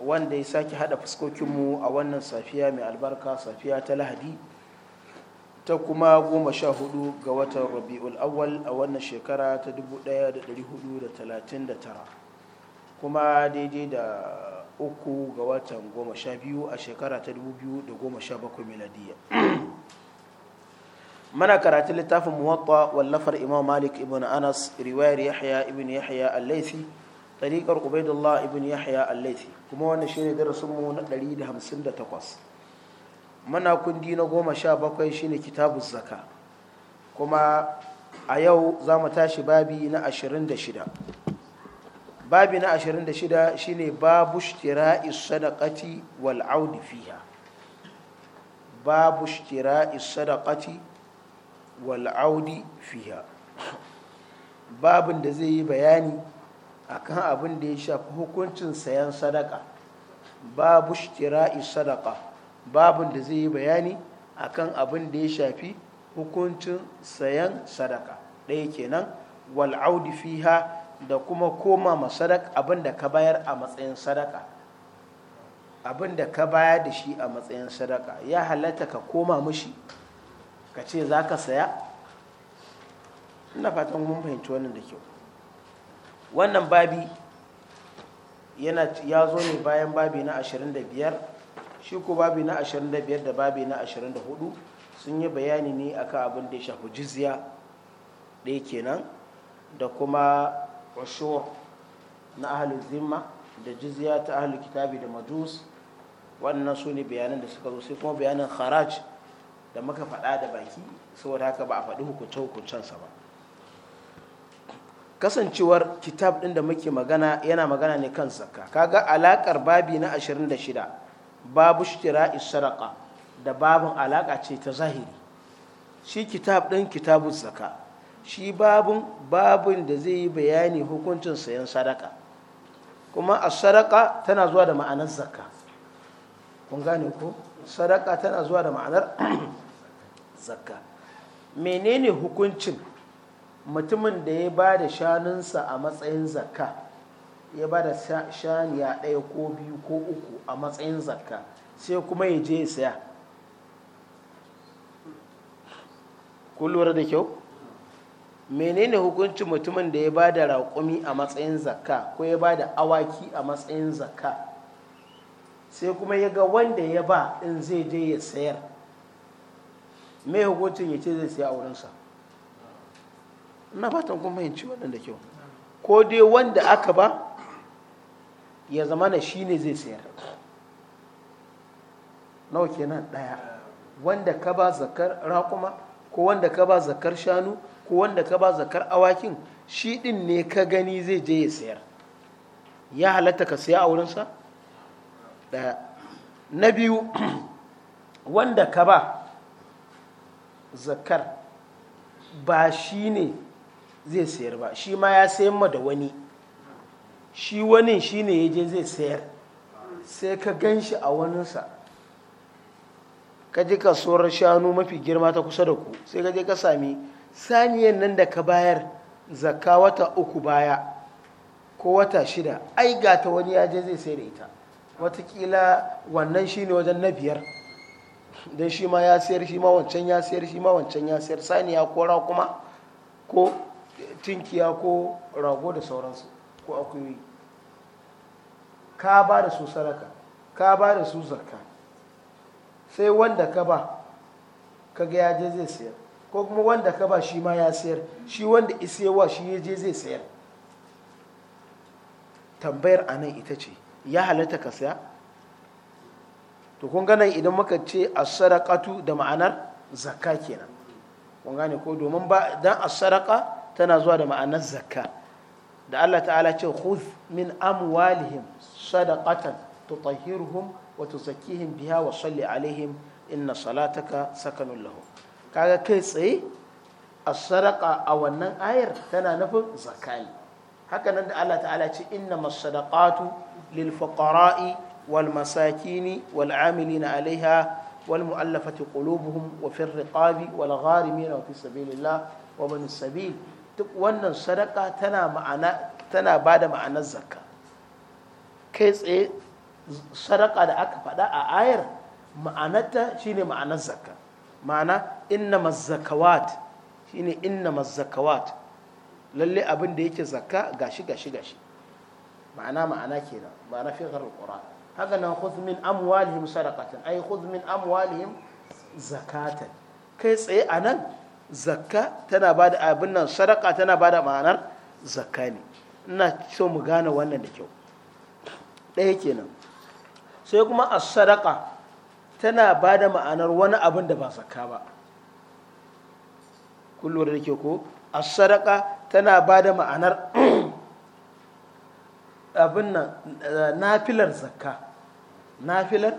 wanda ya sake hada fuskokinmu a wannan safiya mai albarka safiya ta lahadi ta kuma goma sha hudu ga watan rabi'ul awwal a wannan shekara ta 1439 kuma daidai da uku ga watan goma sha biyu a shekara ta 2017 miladiyya mana karatu littafin muwatta wallafar imam malik ibn anas riwayar yahya ibn yahya al-laisi tariqar ubaidullah ibn yahya al-laisi kuma wannan shine darasinmu na 158 mana kundi na goma sha bakwai shine kitabu zaka kuma a yau za mu tashi babi na 26 babi na 26 shine babu shtira'i sadaqati wal audi fiha babu shtira'i sadaqati wal audi fiha babin da zai yi bayani akan abin da ya shafi hukuncin sayan sadaka babu shtira'i sadaka babin da zai yi bayani akan abin da ya shafi hukuncin sayan sadaka ɗaya kenan wal'audi fiha da kuma koma ma sadaka abin da ka bayar a matsayin sadaka abin da ka bayar da shi a matsayin sadaka ya halatta ka koma mushi ka ce za ka saya ina fatan mun fahimci wannan da kyau wannan babi yana ya zo ne bayan babi na 25 shi ko babi na 25 da babi na 24 sun yi bayani ne akan abin da ya shafi jizya ɗaya kenan da kuma ushur na ahalin zimma da jiziya ta ahalin kitabi da majus wannan su ne bayanan da suka zo sai kuma bayanin haraj da muka faɗa da baki saboda haka ba a faɗi hukunce-hukuncensa ba kasancewar kitab ɗin da muke magana yana magana ne kan zakka kaga alaƙar babi na 26 babu shira sadaka da babin alaƙa ce ta zahiri shi kitab ɗin kitabun zakka shi babin babin da zai yi bayani hukuncin sayan sadaka kuma a sadaka tana zuwa da ma'anar zakka kun gane ko sadaka tana zuwa da ma'anar zakka menene hukuncin mutumin da ya ba da shanunsa a matsayin zakka ya ba da shaniya ɗaya ko biyu ko uku a matsayin zakka sai kuma ya je saya ku da kyau menene hukuncin mutumin da ya ba da raƙumi a matsayin zakka ko ya ba da awaki a matsayin zakka sai kuma ya ga wanda ya ba in zai je ya sayar mai hukuncin ya ce zai saya a wurinsa ina fatan kun fahimci wannan da kyau ko dai wanda aka ba ya zama na shi ne zai sayar nawa kenan ɗaya wanda ka ba zakar raƙuma ko wanda ka ba zakar shanu ko wanda ka ba zakar awakin shi din ne ka gani zai je ya sayar ya halatta ka saya a wurinsa daya na biyu wanda ka ba zakar ba shi ne zai sayar ba shi ma ya sayan ma da wani shi wani shi ne ya je zai sayar sai ka gan shi a waninsa ka tsoron kasuwar shanu mafi girma ta kusa da ku sai ka ka sami saniyan nan da ka bayar zaka wata uku baya ko wata shida ai ga ta wani ya je zai sayar da ita watakila wannan shi ne wajen na biyar don shi ma ya sayar shi ma wancan ya sayar shi ma wancan ya sayar saniya kora kuma ko tinkiya ko rago da sauransu ko akwai ka ba da su saraka ka ba da su zarka sai wanda ka ba ka ga ya zai sayar ko kuma wanda ka ba shi ma ya sayar shi wanda isewa shi ya je zai sayar tambayar a nan ita ce ya halatta ka saya to kun ganin idan muka ce a sarakatu da ma'anar zakka kenan kun gane ko domin ba dan a tana zuwa da ma'anar zakka da Allah ta'ala ce khudh min amwalihim sadaqatan tutahhiruhum wa tuzakkihim biha wa salli alaihim inna salataka sakanun lahum kaga kai tsaye as-sadaqa a wannan ayar tana nufin zakani. haka nan da Allah ta'ala ce inna masadaqatu lil fuqara'i wal masakini wal amilina alaiha والمؤلفة قلوبهم وفي الرقاب والغارمين وفي سبيل wa ومن السبيل duk wannan sadaka tana ba da ma'anar zakka kai tsaye sadaka da aka faɗa a ayar ma'anarta shine ma'anar zakka ma'ana inna mazzakawat shine inna mazzakawat lalle abin da yake zakka gashi gashi gashi ma'ana ma'ana kenan ma'ana fi gharar qur'an haka nan khudh min amwalihim sadaqatan ay khudh min amwalihim zakatan kai tsaye anan zakka tana ba da abin nan sadaka tana ba da ma'anar zakka ne ina so mu gane wannan da kyau ɗaya kenan sai kuma a sadaka tana ba da ma'anar wani abin da ba zakka ba kullum da ke ko a sadaka tana ba da ma'anar abin nan eh, nafilar zakka nafilar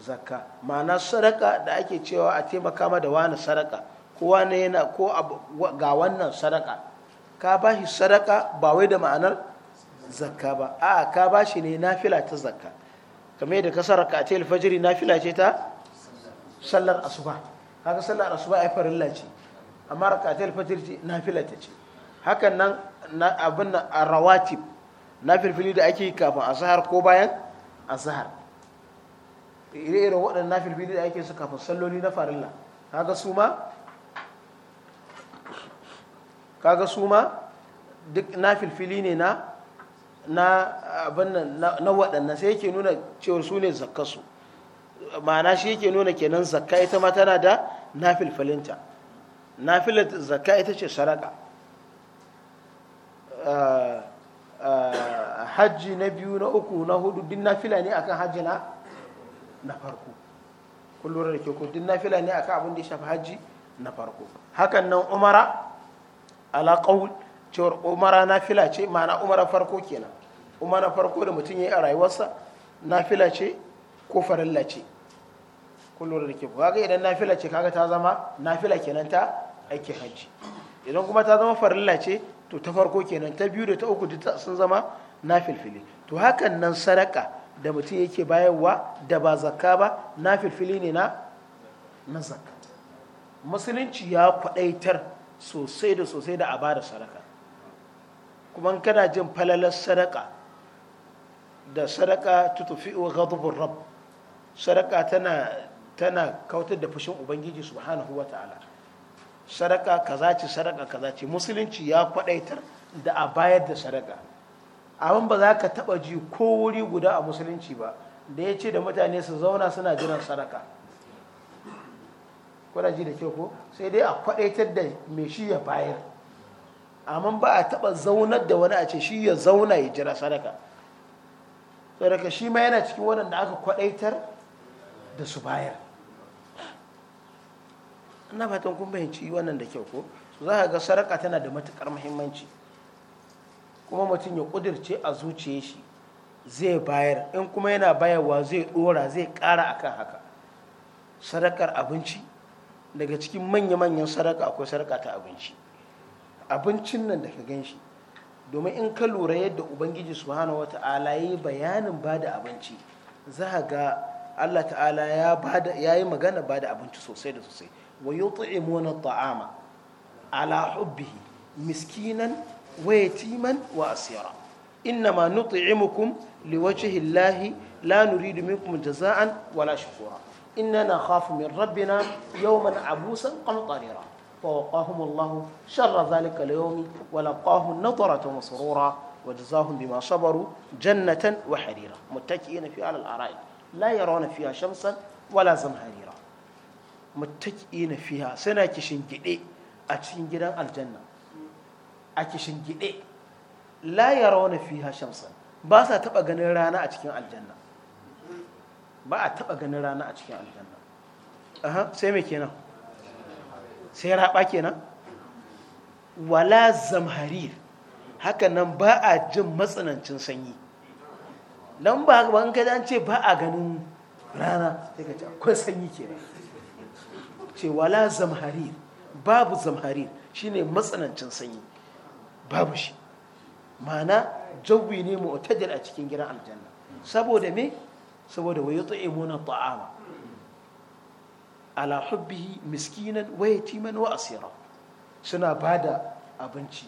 zakka ma'ana sadaka da ake cewa a taimaka ma da wani sadaka kowa ne yana ko ga wannan sadaka ka ba shi sadaka ba wai da ma'anar zakka ba a ka ba shi ne nafila ta zakka kame da ka sarraka a tel fajiri nafila ce ta sallar asuba haka sallar asuba ai farin ce amma tel fajiri ce nafila ta ce hakan nan abin a rawatib na filfili da ake kafin a zahar ko bayan a zahar ire-iren waɗannan filfili da ake su kafin salloli na la haka su ma kaga su ma duk na filfili ne na na waɗannan sai yake nuna cewar su ne zakkasu ma'ana shi yake nuna kenan zakka ita ma tana da na na nafilat zakka ita ce saraka ah, ah, hajji na biyu na uku na hudu din fila ne akan hajji na na farko kullum da ke kudin na fila ne akan abin da ya shafi hajji na farko hakan nan umara ala qaul cewar umara nafila ce ma'ana umara farko kenan umara farko da mutum yayi a rayuwarsa nafila ce ko farilla ce kullum da ke kaga idan nafila ce kaga ta zama nafila kenan ta aiki hajji idan kuma ta zama farilla ce to ta farko kenan ta biyu da ta uku duk sun zama filfili to hakan nan sadaka da mutum yake bayarwa da ba zakka ba filfili ne na na zakka musulunci ya kwadaitar sosai da sosai da a ba da sadaka kuma kana jin falalar sadaka da sadaka wa ghadabur rabb sadaka tana tana kautar da fushin ubangiji subhanahu ta'ala sadaka kaza ce sadaka kaza ce musulunci ya kwadaitar da a bayar da sadaka amma ba za ka taba ji ko wuri guda a musulunci ba da ya ce da mutane su zauna suna jiran sadaka kuna ji da kyau ko sai dai a kwadaitar da mai shi ya bayar amma ba a taba zaunar da wani a ce shi ya zauna ya jira sadaka sadaka shi ma yana cikin wadanda aka kwadaitar da su bayar ina fatan kun fahimci wannan da kyau ko su za ka ga sadaka tana da matukar muhimmanci kuma mutum ya kudirce a zuciya shi zai bayar in kuma yana bayarwa zai dora zai kara akan haka sadakar abinci daga cikin manya-manyan sadaka akwai sadaka ta abinci abincin nan da ka gan shi domin in ka lura yadda ubangiji wa wata'ala yi bayanin ba da abinci za ga allah ta'ala ya yi magana ba da abinci sosai da sosai wa yut'imuna ta'ama ala hubbihi miskinan wa yatiman wa asira innama nut'imukum liwajhi llahi la nuridu minkum jaza'an wala shukura إنا نخاف من ربنا يوما عبوسا قمطريرا فوقاهم الله شر ذلك اليوم ولقاهم نظرة وسرورا وجزاهم بما صبروا جنة وحريرا متكئين فيها على الأرائك لا يرون فيها شمسا ولا زمهريرا متكئين فيها سنة كشنجدي أتشنجدان الجنة أتشنجدي لا يرون فيها شمسا باسا تبقى غنرانا أتشكين الجنة ba a taɓa ganin rana a cikin aljanna aha sai me kenan sai raba kenan wala zamharir haka nan ba a jin matsanancin sanyi nan ba ban kai an ce ba a ganin rana sai ka ce akwai sanyi kenan ce wala zamharir babu zamharir shine matsanancin sanyi babu shi ma'ana jawi ne mu'tadil a cikin gidan aljanna saboda me saboda wa muna ta'ama ala hubbihi miskinan wa yatiman wa asira suna bada abinci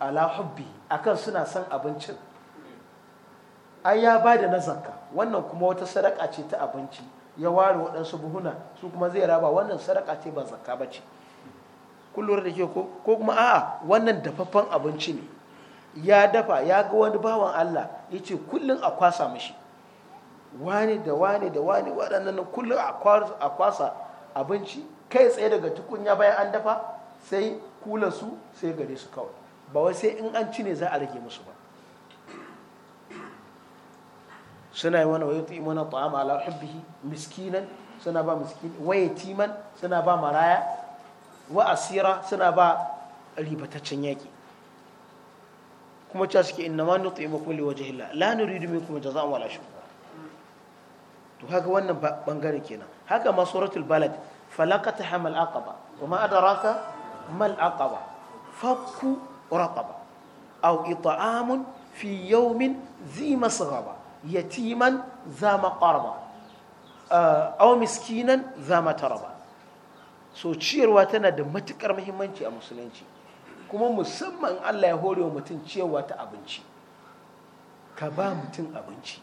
ala hubbi akan suna son abincin ai ya bada na zakka wannan kuma wata sadaka ce ta abinci ya ware waɗansu buhuna su kuma zai raba wannan sadaka ce ba zakka ba ce kullum da ke ko kuma a'a wannan dafaffen abinci ne ya dafa ya ga wani bawan Allah ya ce kullum a kwasa mashi wani da wani da wani waɗannan kullum a kwasa abinci kai tsaye daga tukunya bayan an dafa sai kula su sai gare su kawai ba wai sai in an ci ne za a rage musu ba suna yi wani wayo ta imana ta'ama ala hubbihi miskinan suna ba miskin waye timan suna ba maraya wa asira suna ba ribataccen yaki kuma cewa suke inna ma imakon makum hila la nuridu kuma jazaa'an wala shukra to haka wannan bangaren kenan haka ma suratul balad falakata hamal aqaba wa ma adraka mal aqaba fakku raqaba aw it'amun fi yawmin zi masghaba yatiman za maqarba eh, aw miskinan za mataraba so ciyarwa tana da matukar muhimmanci a musulunci kuma musamman Allah ya hore wa mutum ciyarwa ta abinci ka ba mutum abinci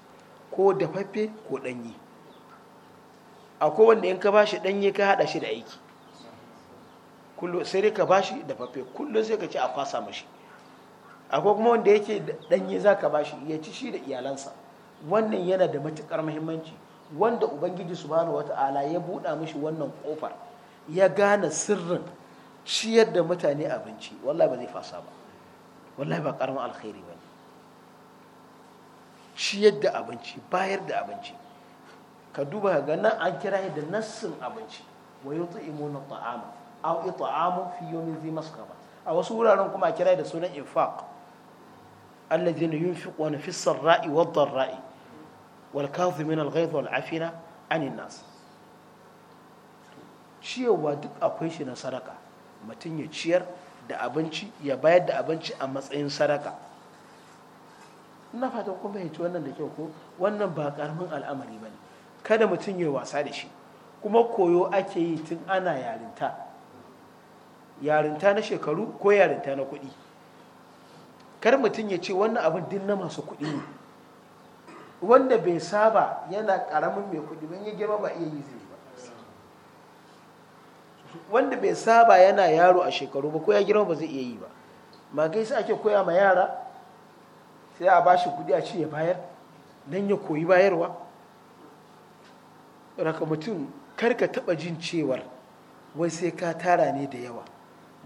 ko dafaffe ko ɗanyi a wanda in ka ba shi ɗanye ka haɗa shi da aiki sai dai ka ba shi da fafe kullum sai ka ce a kwasa mashi akwai kuma wanda yake ɗanye za ka ba shi ya ci shi da iyalansa wannan yana da matuƙar muhimmanci wanda ubangiji su bani wata'ala ya buɗa mashi wannan ƙofar ya gane sirrin ciyar da mutane abinci wallahi ba zai fasa ba wallahi ba ƙaramin alkhairi ba ciyar da abinci bayar da abinci ka duba ga nan an kira da nassin abinci wa imuna ta'ama aw it'amu fi dhi masqaba a wasu wuraren kuma kira da sunan infaq alladhina yunfiquna fi sarra'i wad dharra'i wal kadhimina al ghayth wal afina anin nas duk akwai shi na sadaka mutum ya ciyar da abinci ya bayar da abinci a matsayin sadaka ina fatan kuma ya ci wannan da kyau ko wannan ba karamin al'amari ba ne kada mutum ya wasa da shi kuma koyo ake yi tun ana yarinta yarinta na shekaru ko yarinta na kuɗi kar mutum ya ce wannan abin din na masu kuɗi ne wanda bai saba yana ƙaramin mai kuɗi ban ya girma ba iya yi zai ba wanda bai saba yana yaro a shekaru ba ko ya girma ba zai iya yi ba ma gaisa ake koya ma yara sai a bashi kuɗi a ce ya bayar don ya koyi bayarwa raka mutum karka taba jin cewar wai sai ka tara ne da yawa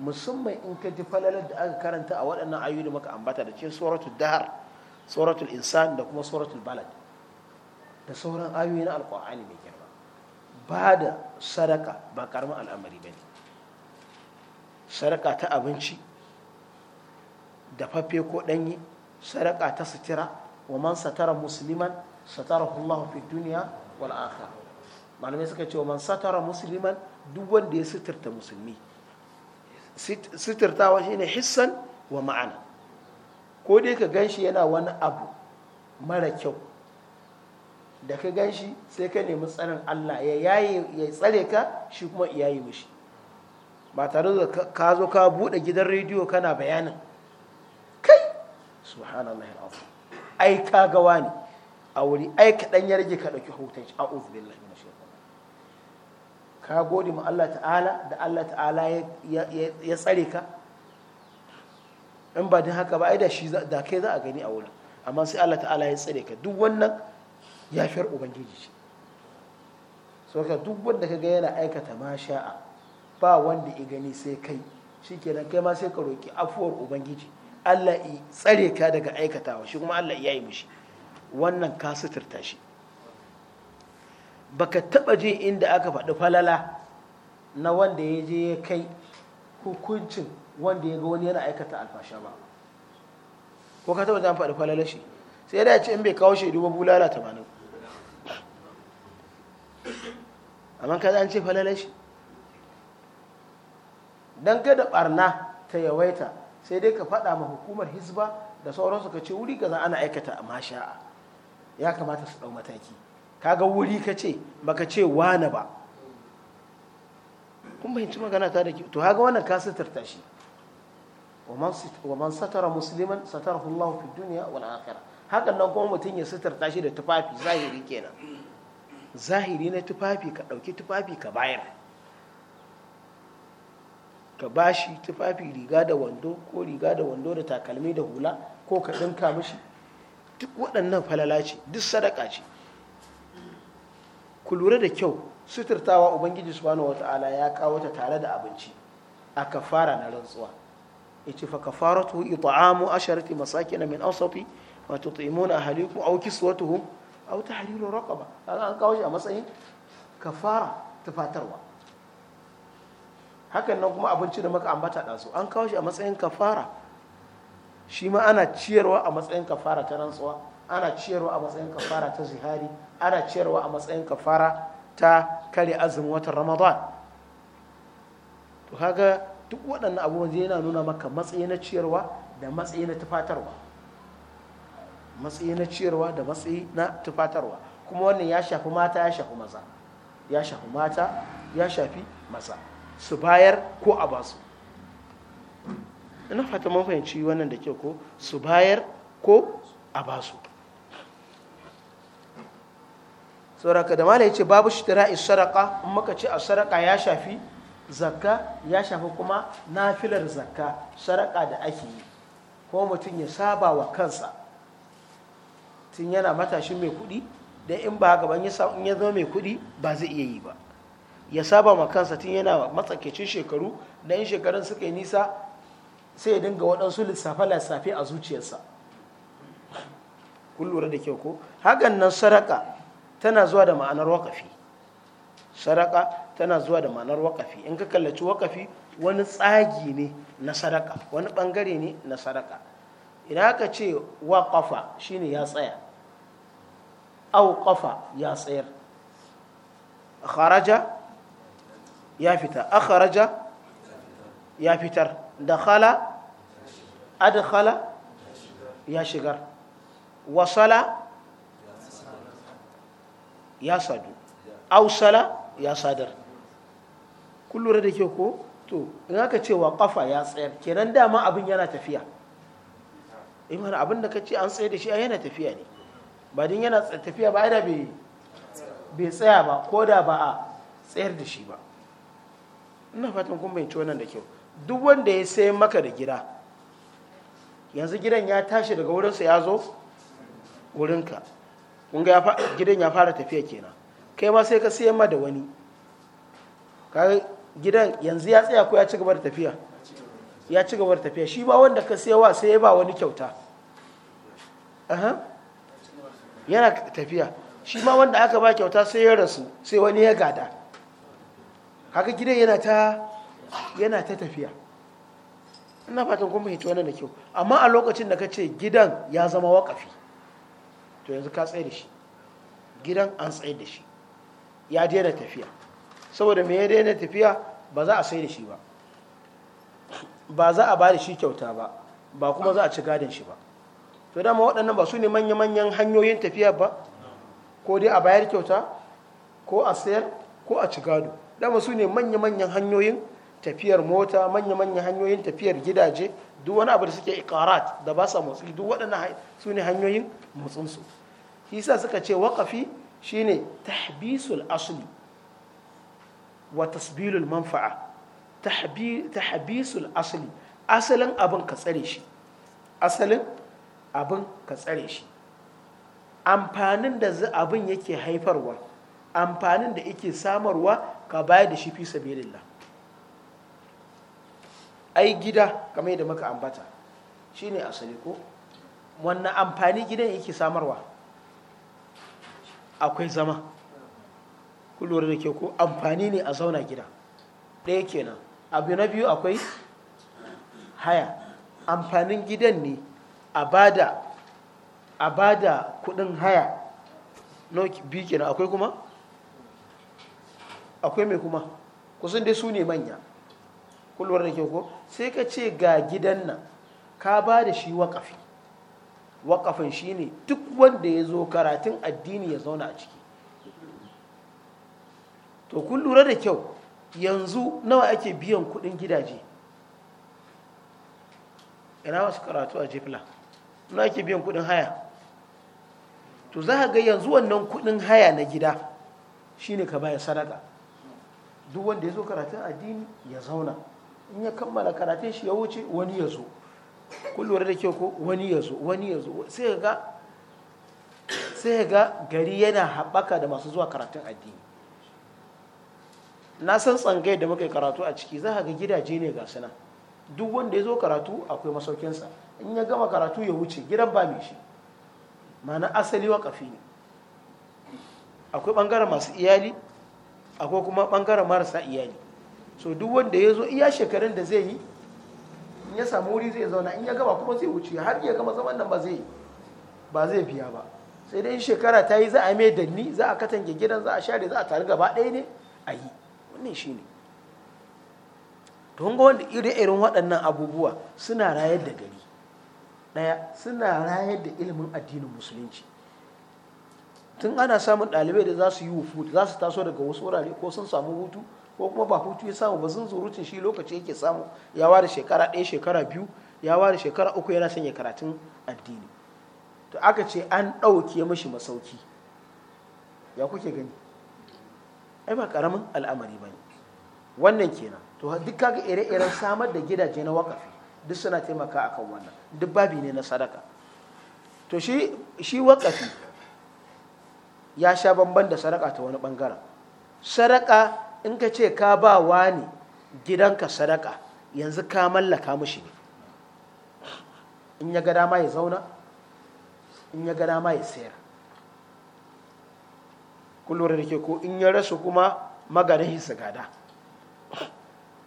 musamman in ka ji falalar da aka karanta a waɗannan ayoyi da muka ambata da ce suratul dahar suratul insan da kuma suratul balad da sauran ayoyi na alƙur'ani mai girma ba da sadaka ba karamin al'amari ba ne sadaka ta abinci da fafe ko ɗanye sadaka ta sutura wa man satara musliman satara Allah fi duniya wal akhirah malamai suka ce man satara musulman duk wanda ya suturta musulmi suturtawa shine hissan wa ma'ana ko dai ka ganshi yana wani abu mara kyau da ka ganshi sai ka nemi tsarin Allah ya yayi ya tsare ka shi kuma yi mishi ba tare da ka zo ka bude gidan rediyo kana bayanin kai subhanallahi alazim ai ka gawa ne a wuri ai ka dan ya ka dauki hoton a'udhu billahi minash ka gode ma Allah ta'ala da Allah ta'ala ya tsare ka in ba don haka ba ai da shi da kai za a gani a wurin amma sai Allah ta'ala ya tsare ka duk wannan yafiyar ubangiji ce so ka duk wanda ka ga yana aikata sha'a, ba wanda ya gani sai kai shikenan kai ma sai ka roki afuwar ubangiji Allah ya tsare ka daga aikatawa shi kuma Allah ya yi mushi wannan ka suturta shi baka taba jin inda aka faɗi falala na wanda ya je ya kai hukuncin wanda ya ga wani yana aikata alfasha ba ko ka taba jan faɗi falala shi sai da ce in bai kawo shaidu ba bulala ta ba amma ka an ce falala shi don kada barna ta yawaita sai dai ka faɗa ma hukumar hisba da sauransu ka ce wuri gaza ana aikata a masha'a ya kamata su ɗau mataki kaga wuri ka ce baka ce wane ba kun bayanci magana ta da ke. to haga wannan ka suturta shi wa man satara musulman satara Allah fi duniya wani hakan nan kuma mutum ya suturta shi da tufafi zahiri kenan zahiri na tufafi ka dauki tufafi ka bayar ka bashi tufafi riga da wando ko riga da wando da takalmi da hula ko ka dinka mishi duk waɗannan falala ce duk sadaka ce ku lura da kyau suturtawa ubangiji subhanahu wata'ala ya kawo ta tare da abinci a kafara na rantsuwa yace fa kafaratu it'amu asharati masakin min awsati ma tut'imuna ahlikum aw kiswatuhum aw tahriru raqaba kaga an kawo shi a matsayin kafara tufatarwa hakan nan kuma abinci da muka ambata ɗansu an kawo shi a matsayin kafara shi ma ana ciyarwa a matsayin kafara ta rantsuwa ana ciyarwa a matsayin kafara ta zihari ana ciyarwa a matsayin kafara ta kare azumin watan ramadan to kaga duk waɗannan abubuwan zai yana nuna maka matsayi na ciyarwa da matsayi na tufatarwa matsayi na ciyarwa da matsayi na tufatarwa kuma wannan ya shafi mata ya shafi maza ya shafi mata ya shafi maza su bayar ko a basu ina fata mun fahimci wannan da ke ko su bayar ko a basu sauraka da mala ya ce babu is saraka in muka ce a saraka ya shafi zakka ya shafi kuma nafilar zakka saraka da ake yi ko mutum ya saba wa kansa tun yana matashin mai kuɗi da in ba in ya zama mai kuɗi ba zai iya yi ba ya saba ma kansa tun yana matsakaicin shekaru da in shekarun suka yi nisa sai ya dinga waɗansu lissafe-lissafe a zuciyarsa kun da kyau ko hakan nan saraka tana zuwa da ma'anar wakafi saraka tana zuwa da ma'anar wakafi in ka kallaci wakafi wani tsagi ne na saraka wani ɓangare ne na saraka idan aka ce ƙafa shine ya tsaya au ƙafa ya tsayar kharaja ya fita akharaja ya fitar da khala adkhala ya shigar wasala ya sadu ausala ya sadar kullum da ke ko to in aka ce wa kafa ya tsayar kenan dama abin yana tafiya imar abin da ka ce an tsaye da shi a yana tafiya ne ba din yana tafiya ba yana bai tsaya ba ko da ba a tsayar da shi ba ina fatan kun bai wannan da kyau duk wanda ya sayan maka da gida yanzu gidan ya tashi daga wurinsa ya zo wurinka kun gidan ya fara tafiya kenan kai ma sai ka siyan ma da wani kaga gidan yanzu ya tsaya ko ya ci gaba da tafiya ya ci gaba da tafiya shi ba wanda ka wa sai ya ba wani kyauta yana tafiya shi ma wanda aka ba kyauta sai ya rasu sai wani ya gada kaga gidan yana ta tafiya ina fatan kun hito wannan da kyau amma a lokacin da ka ce gidan ya zama wakafi to yanzu ka tsaye da shi gidan an tsaye da shi ya daina tafiya saboda mai ya daina tafiya ba za a sai da shi ba ba za a ba da shi kyauta ba ba kuma za a ci gadon shi ba to dama waɗannan ba su ne manya-manyan hanyoyin tafiya ba ko dai a bayar kyauta ko a sayar ko a ci gado dama su ne manya-manyan hanyoyin tafiyar mota manya-manya hanyoyin tafiyar gidaje duk wani abu da suke ikarat da ba sa motsi duk waɗannan su ne hanyoyin motsinsu hisa suka ce waƙafi shine tahbisul asli wa tasbilul manfa'a tahbisul asli asalin abin ka tsare shi asalin abin ka tsare shi amfanin da abin yake haifarwa amfanin da yake samarwa ka bayar da shi fi sabilillah ai gida kamar yadda muka ambata shine asali ko wannan amfani gidan yake samarwa akwai zama kullum da ke ko amfani ne a zauna gida ɗaya kenan abu na biyu akwai haya amfanin gidan ne a bada a bada kudin haya no biyu kenan akwai kuma akwai mai kuma kusan dai su ne manya kulwar da ke ko sai ka ce ga gidan nan ka ba da shi waƙafi waƙafin shi ne duk wanda ya zo karatun addini ya zauna a ciki to kun lura da kyau yanzu nawa ake biyan kuɗin gidaje ina wasu karatu a jifla nawa ake biyan kuɗin haya to za ga yanzu wannan kuɗin haya na gida shine ka baya sadaka duk wanda ya zo karatun addini ya zauna in ya kammala karatun shi ya wuce wani ya zo kullum da ke ko wani ya zo wani ya zo sai ga ga gari yana haɓaka da masu zuwa karatun addini na san tsangai da muka yi karatu a ciki za ga gidaje ne ga suna duk wanda ya zo karatu akwai masaukinsa in ya gama karatu ya wuce gidan ba mai shi mana asali wa kafi ne akwai ɓangaren masu iyali akwai kuma ɓangaren marasa iyali so duk wanda ya zo iya shekarun da zai yi in ya samu wuri zai zauna in ya gaba kuma zai wuce har ya gama zaman nan ba zai ba zai biya ba sai dai shekara ta yi za a mai danni za a katange gidan za a share za a tare gaba ɗaya ne a yi wannan shi ne to wanda irin irin waɗannan abubuwa suna rayar da gari ɗaya suna rayar da ilimin addinin musulunci tun ana samun ɗalibai da za su yi wufu za su taso daga wasu wurare ko sun samu hutu ko kuma ba hutu ya samu ba zan zurucin shi lokaci yake samu ya ware shekara ɗaya shekara biyu ya ware shekara uku yana sanya karatun addini to aka ce an ɗauke mashi masauki ya kuke gani ai ba karamin al'amari ba ne wannan kenan to duk kaga ire-iren samar da gidaje na wakafi duk suna taimaka akan wannan duk babi ne na sadaka to shi shi wakafi ya sha bamban da sadaka ta wani bangaren sadaka in ka ce ka ba wani gidanka sadaka yanzu ka mallaka mushi ne in ya ga dama ya zauna in ya ga dama ya sayar kullum da ke ko in ya rasu kuma maganin hisa gada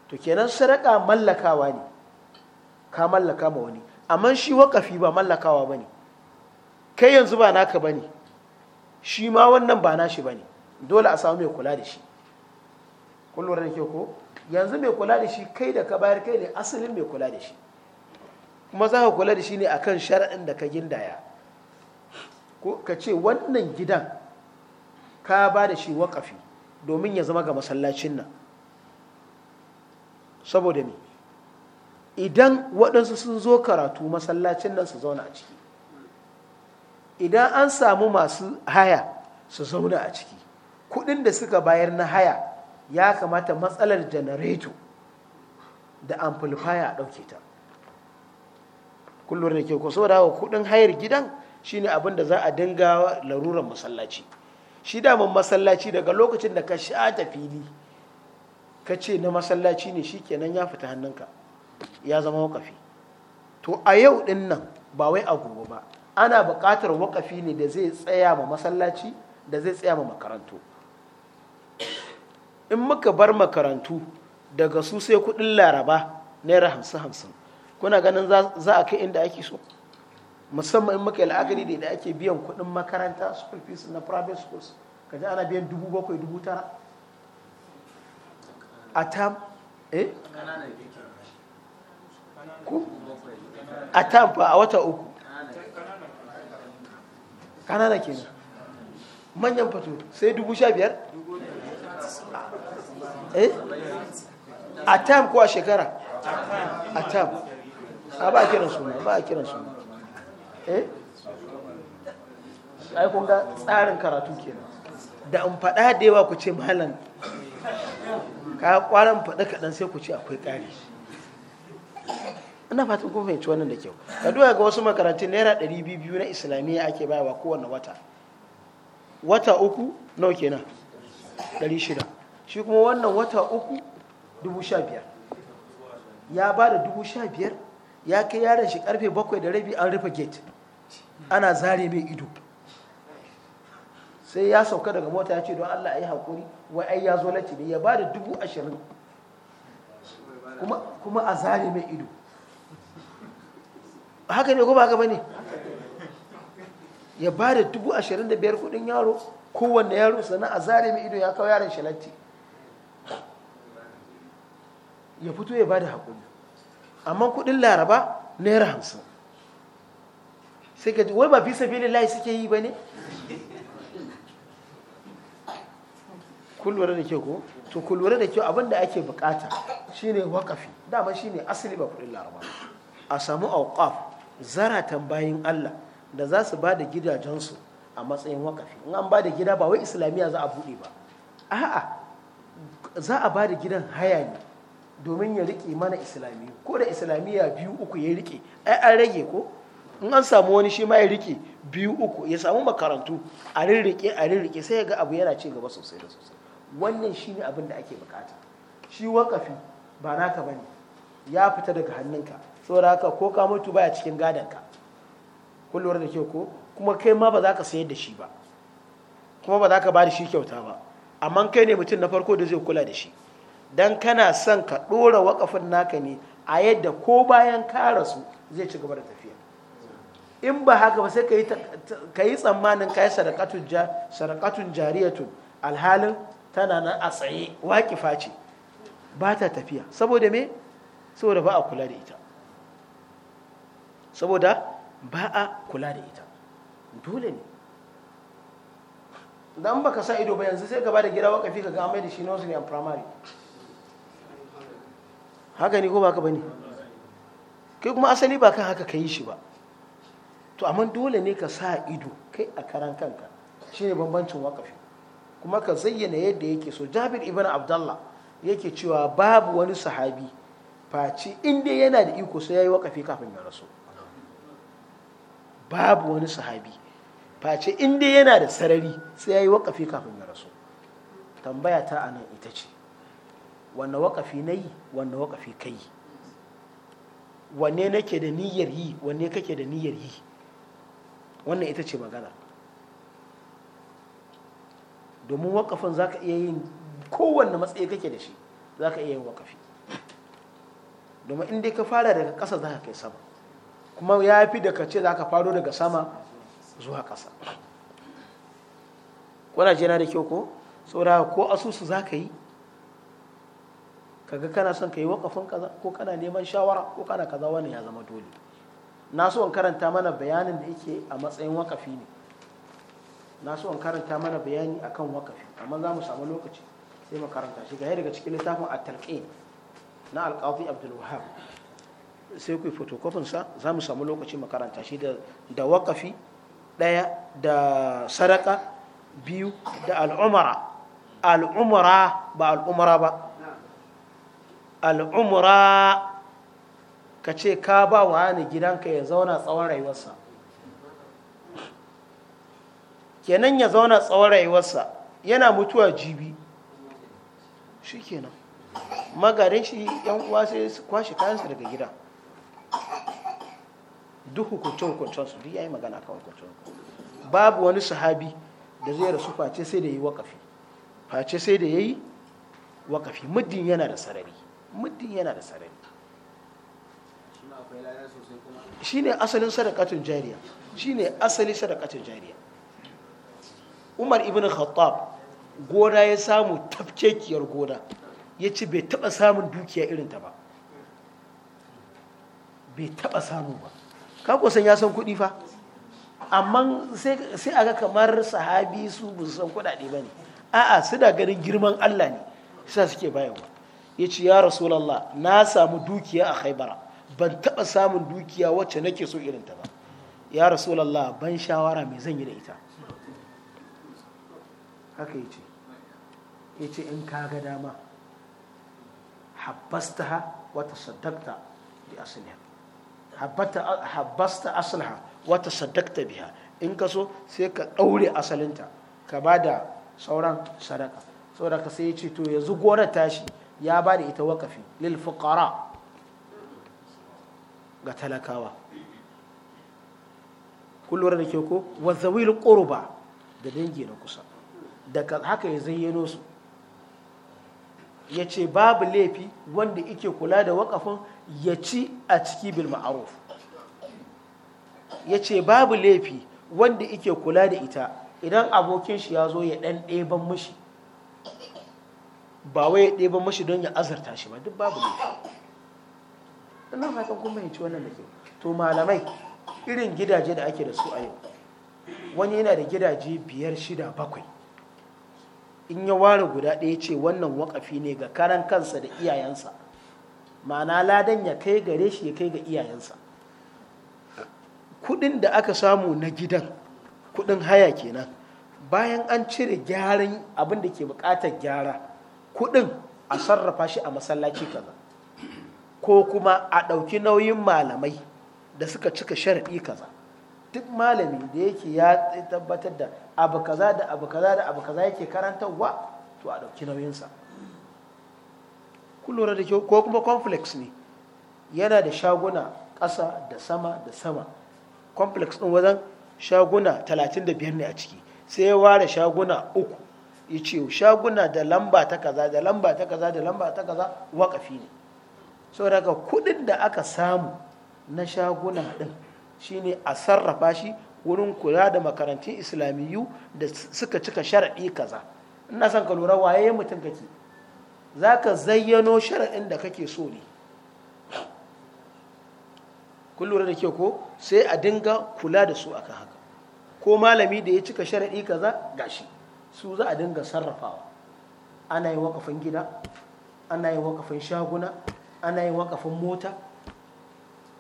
to kenan sadaka mallakawa ne ka mallaka ma wani amma shi wakafi ba mallakawa ba ne kai yanzu ba naka ba ne shi ma wannan ba nashi ba ne dole a samu mai kula da shi kun da ke ko yanzu mai kula da shi kai da ka bayar kai ne asalin mai kula da shi kuma za ka kula da shi ne akan shari'in da ka gindaya Ko ka ce wannan gidan ka ba da shi waƙafi domin ya zama ga masallacin nan saboda me idan waɗansu sun zo karatu masallacin nan su zauna a ciki idan an samu masu haya su zauna a ciki kuɗin da suka bayar na haya ya kamata matsalar janareto da amplifier a ɗauke ta kullum da ke ko saboda kudin hayar gidan shine abin da za a dinga larurar masallaci shi daman masallaci daga lokacin da ka ta fili ka ce na masallaci ne shikenan ya fita hannunka ya zama wakafi to a yau din nan ba wai a gobe ba ana buƙatar wakafi ne da zai tsaya ma masallaci da zai tsaya ma makarantu in muka bar makarantu daga su sai kudin laraba naira hamsin hamsin kuna ganin za a kai inda ake so musamman in muka yi la'akari da ake biyan kudin makaranta school fees na private schools kaji ana biyan dubu bakwai dubu tara a tam eh a tam fa a wata uku kanana kenan manyan fato sai dubu sha biyar eh a tam ko a shekara a tam a ba a kiran suna ba a kiran suna eh ai kun ga tsarin karatu kenan da in faɗa da yawa ku ce malam ka kwaran faɗa kaɗan sai ku ce akwai ƙari ina fatan kun fahimci wannan da kyau ka duba ga wasu makarantun naira ɗari biyu na islamiyya ake bayarwa kowane wata wata uku nawa kenan ɗari shida shi kuma wannan wata uku dubu sha biyar ya ba da dubu sha biyar ya kai yaren shi karfe bakwai da rabi an rufe gate ana zare mai ido sai ya sauka daga mota ya ce don allah a yi haƙuri wai ai ya zo lati ne ya ba da dubu ashirin kuma a zare mai ido haka ne ko ba gaba ne ya ba da dubu ashirin da biyar kudin yaro kowanne yaro sannan a zare mai ido ya kawo yaran shi ya fito ya ba da haƙuri amma kuɗin laraba naira hamsin sai ka ji wai ba fi da layi suke yi ba ne kulwara da ke ko to kulwara da kyau abinda ake bukata shine wakafi dama shine asali ba kuɗin laraba a samu auƙaf zara tambayin Allah da za su ba da gidajensu a matsayin wakafi in an ba da gida ba wai islamiyya za a buɗe ba a'a za a ba da gidan haya ne domin ya rike mana islamiyu ko da islamiyya biyu uku ya riƙe ai an rage ko in an samu wani shi ma ya riƙe biyu uku ya samu makarantu a rirriƙe a rirriƙe sai ya ga abu yana ci gaba sosai da sosai wannan shi ne abin da ake bukata shi wakafi ba naka ne ya fita daga hannunka saboda haka ko ka mutu baya cikin ka kullum da kyau ko kuma kai ma ba za ka sayar da shi ba kuma ba za ka ba da shi kyauta ba amma kai ne mutum na farko da zai kula da shi don kana son ka ɗora waƙafin naka ne a yadda ko bayan kara su zai ci gaba da tafiya in ba haka ba sai ka yi tsammanin ka yi sarakatun jariyatun alhalin tana nan a tsaye waƙifa ce ba ta tafiya saboda me saboda ba a kula da ita saboda ba a kula da ita dole ne dan baka sa ido ba yanzu sai gaba da gida waƙafi ka ga amai da shi ne a primary haka ne ko ba ka ba kai kuma asali ba kan haka ka yi shi ba to amma dole ne ka sa ido kai a karan kanka shine bambancin wakafi kuma ka zayyana yadda yake so jabir ibn abdullah yake cewa babu wani sahabi face inda yana da iko sai ya yi wakafi kafin ya rasu babu wani sahabi face inda yana da sarari sai ya yi wakafi kafin ya rasu tambaya ta anan ita ce wanne wakafi na yi wanne wakafi ka yi wanne nake da niyyar yi wanne kake da niyyar yi wannan ita ce magana domin waƙafin za ka iya yin kowanne matsayi kake da shi za ka iya yin wakafi domin inda ka fara daga ƙasa za ka kai sama kuma ya fi da ka ce za ka faro daga sama zuwa ƙasa kuna jina da kyau ko saboda ko asusu za ka yi kaga kana son ka yi wakafin kaza ko kana neman shawara ko kana kaza wani ya zama dole na so karanta mana bayanin da yake a matsayin wakafi ne na so karanta mana bayani akan wakafi amma za mu samu lokaci sai mu karanta shi ga daga cikin littafin at na al-qadi Abdul Wahhab sai ku sa za mu samu lokaci mu karanta shi da da wakafi daya da sadaka biyu da al'umara al'umara ba al'umara ba al'umura ka ce ka ba wa hani gidanka ya zauna tsawon rayuwarsa kenan ya zauna tsawon rayuwarsa yana mutuwa jibi shi kenan magarin shi yan uwa sai su kwashe kayansa daga gida duk hukuncin su duk ya yi magana kawai hukuncin babu wani sahabi da zai rasu face sai da yi wakafi face sai da ya yi wakafi muddin yana da sarari muddin yana da sarari shi ne asalin sadakatun jariya shi ne sadakatun jariya umar ibn khattab gona ya samu tafkekiyar gona ya ce bai taba samun dukiya irin ta ba bai taba samu ba kako san ya san kuɗi fa amma sai aga kamar sahabi su bu san kuɗaɗe ba ne a'a su da ganin girman allah ne sa suke bayanwa. ya ce ya rasulallah na samu dukiya a haibara ban taɓa samun dukiya wacce nake so irinta ba ya rasulallah ban shawara mai zan yi da ita haka ya ce ya ce in kaga dama habbasta ha wata saddakta bi asliha habbasta asliha wata saddakta biya in ka so sai ka ɗaure asalinta ka ba da sauran sadaka saboda ka sai ya ce to yanzu gonar tashi ya ba da ita wakafi lil fuqara ga talakawa kullum da ke ko wazawil qurba da dangi na kusa daga haka ya zayyano su ya ce babu laifi wanda ike kula da wakafin ya ci a ciki bil ma'aruf ya ce babu laifi wanda ike kula da ita idan abokin shi ya zo ya ɗan ban mashi ba wai ya ɗeba mashi don ya azarta shi ba duk babu ne ina fatan kun yanci wannan da ke to malamai irin gidaje da ake da su a yau wani yana da gidaje biyar shida bakwai in ya ware guda ɗaya ce wannan wakafi ne ga karan kansa da iyayensa ma'ana ladan ya kai gare shi ya kai ga iyayensa kudin da aka samu na gidan kudin haya kenan bayan an cire gyaran abin da ke bukatar gyara kuɗin a sarrafa shi a masallaci kaza ko kuma a ɗauki nauyin malamai da suka cika sharaɗi kaza duk malami da yake ya tabbatar da abu kaza da abu kaza da abu kaza yake karantarwa to a ɗauki nauyinsa kun da ko kuma complex ne yana da shaguna ƙasa da sama da sama complex ɗin wajen shaguna 35 ne a ciki sai ya ware shaguna uku ya ce shaguna da lamba ta kaza da lamba ta kaza da lamba ta kaza wakafi ne so daga kudin da aka samu na shaguna din shine a sarrafa shi wurin kula da makarantun islamiyu da suka cika sharaɗi kaza ina son ka lura waye mutum kake za zayyano sharaɗin da kake so ne kun lura da ke ko sai a dinga kula da su akan haka ko malami da ya cika sharaɗi kaza gashi su za a dinga sarrafawa ana yin wakafin gida ana yin wakafin shaguna ana yin wakafin mota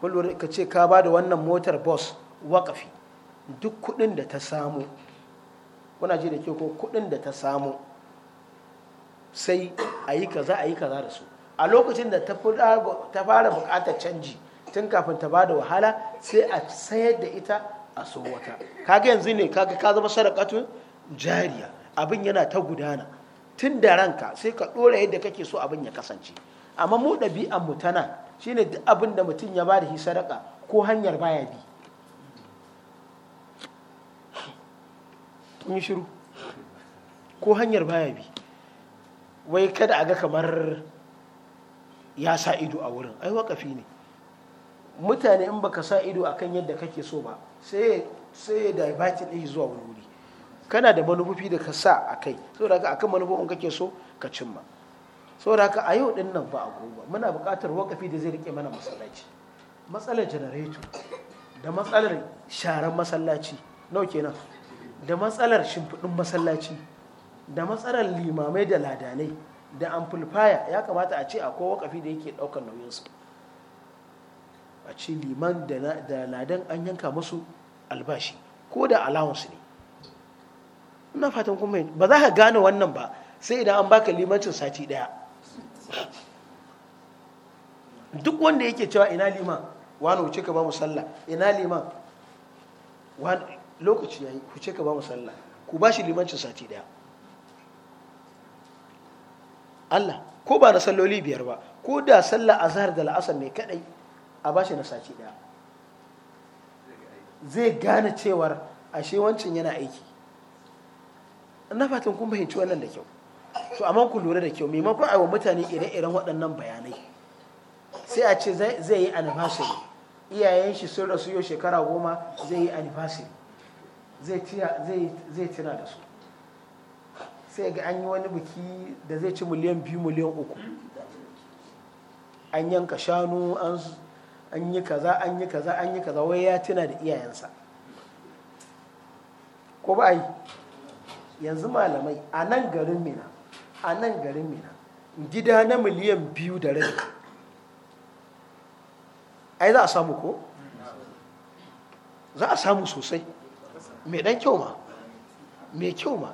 kullum ka ce ka ba da wannan motar bus wakafi duk kudin da ta samu kuna ji da ke ko kudin da ta samu sai a yi kaza a yi kaza da su a lokacin da ta fara bukatar canji tun kafin ta bada wahala sai a sayar da ita a so kaga yanzu ne kaga ka zama sarakatun jariya abin yana ta gudana tun da ranka sai ka ɗora yadda kake so abin ya kasance amma mu ɗabi'an mu tana shine duk abin da mutum ya ba da shi sadaka ko hanyar baya bi kun shiru ko hanyar baya bi wai kada a ga kamar ya sa ido a wurin ai wakafi ne mutane in baka sa ido akan yadda kake so ba sai sai da bacin ɗin zuwa wani wuri kana da manufofi da ka sa a kai saboda haka akan manufofin kake so ka cimma saboda haka a yau din nan ba a gobe muna buƙatar wakafi da zai rike mana masallaci matsalar janareto da matsalar sharan masallaci nawa kenan da matsalar shimfiɗin masallaci da matsalar limamai da ladanai da amplifier ya kamata a ce akwai wakafi da yake ɗaukar nauyinsu a ce liman da ladan an yanka musu albashi ko da allowance ne ina fatan kuma ba za ka gane wannan ba sai idan an baka limancin sati daya duk wanda yake cewa ina liman wani huce ka ba musalla sallah ina liman lokaci yi huce ka ba musalla sallah ku ba shi limancin sati daya Allah ko ba na salloli biyar ba ko da sallah zahar da la'asar ne kadai a ba shi na sati daya zai gane cewar ashe wancin yana aiki na fatan kun fahimci wannan da kyau to amma ku lura da kyau maimakon a wa mutane ire-iren waɗannan bayanai sai a ce zai yi anniversary iyayen shi sun rasu yau shekara goma zai yi anniversary zai tuna da su sai ga an yi wani biki da zai ci miliyan biyu miliyan uku an yanka shanu an yi kaza an yi kaza an yi kaza wai ya tuna da iyayensa ko ba a yi yanzu malamai a nan garin mina a nan garin mina gida na miliyan biyu da rai ai za a samu ko za a samu sosai mai dan kyau ma mai kyau ma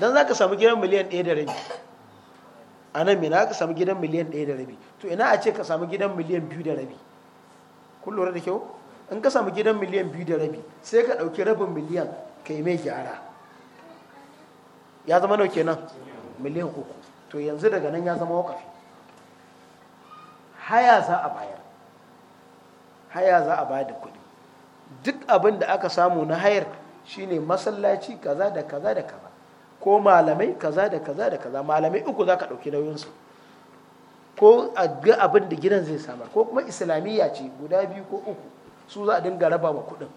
don za ka samu gidan miliyan ɗaya da rabi a nan mina ka samu gidan miliyan ɗaya da rabi to ina a ce ka samu gidan miliyan biyu da rabi kun lura da kyau in ka samu gidan miliyan biyu da rabi sai ka ɗauki rabin miliyan ka yi mai gyara ya zama nauke kenan miliyan uku to yanzu daga nan ya zama wakafi haya za a bayar haya za a bayar da kuɗi duk abin da aka samu na hayar shine masallaci kaza da kaza da kaza ko malamai kaza da kaza da kaza malamai uku za ka ɗauki nauyinsu ko a ga abin da gidan zai samar ko kuma islamiyya ce guda biyu ko uku su za a dinga raba wa kuɗin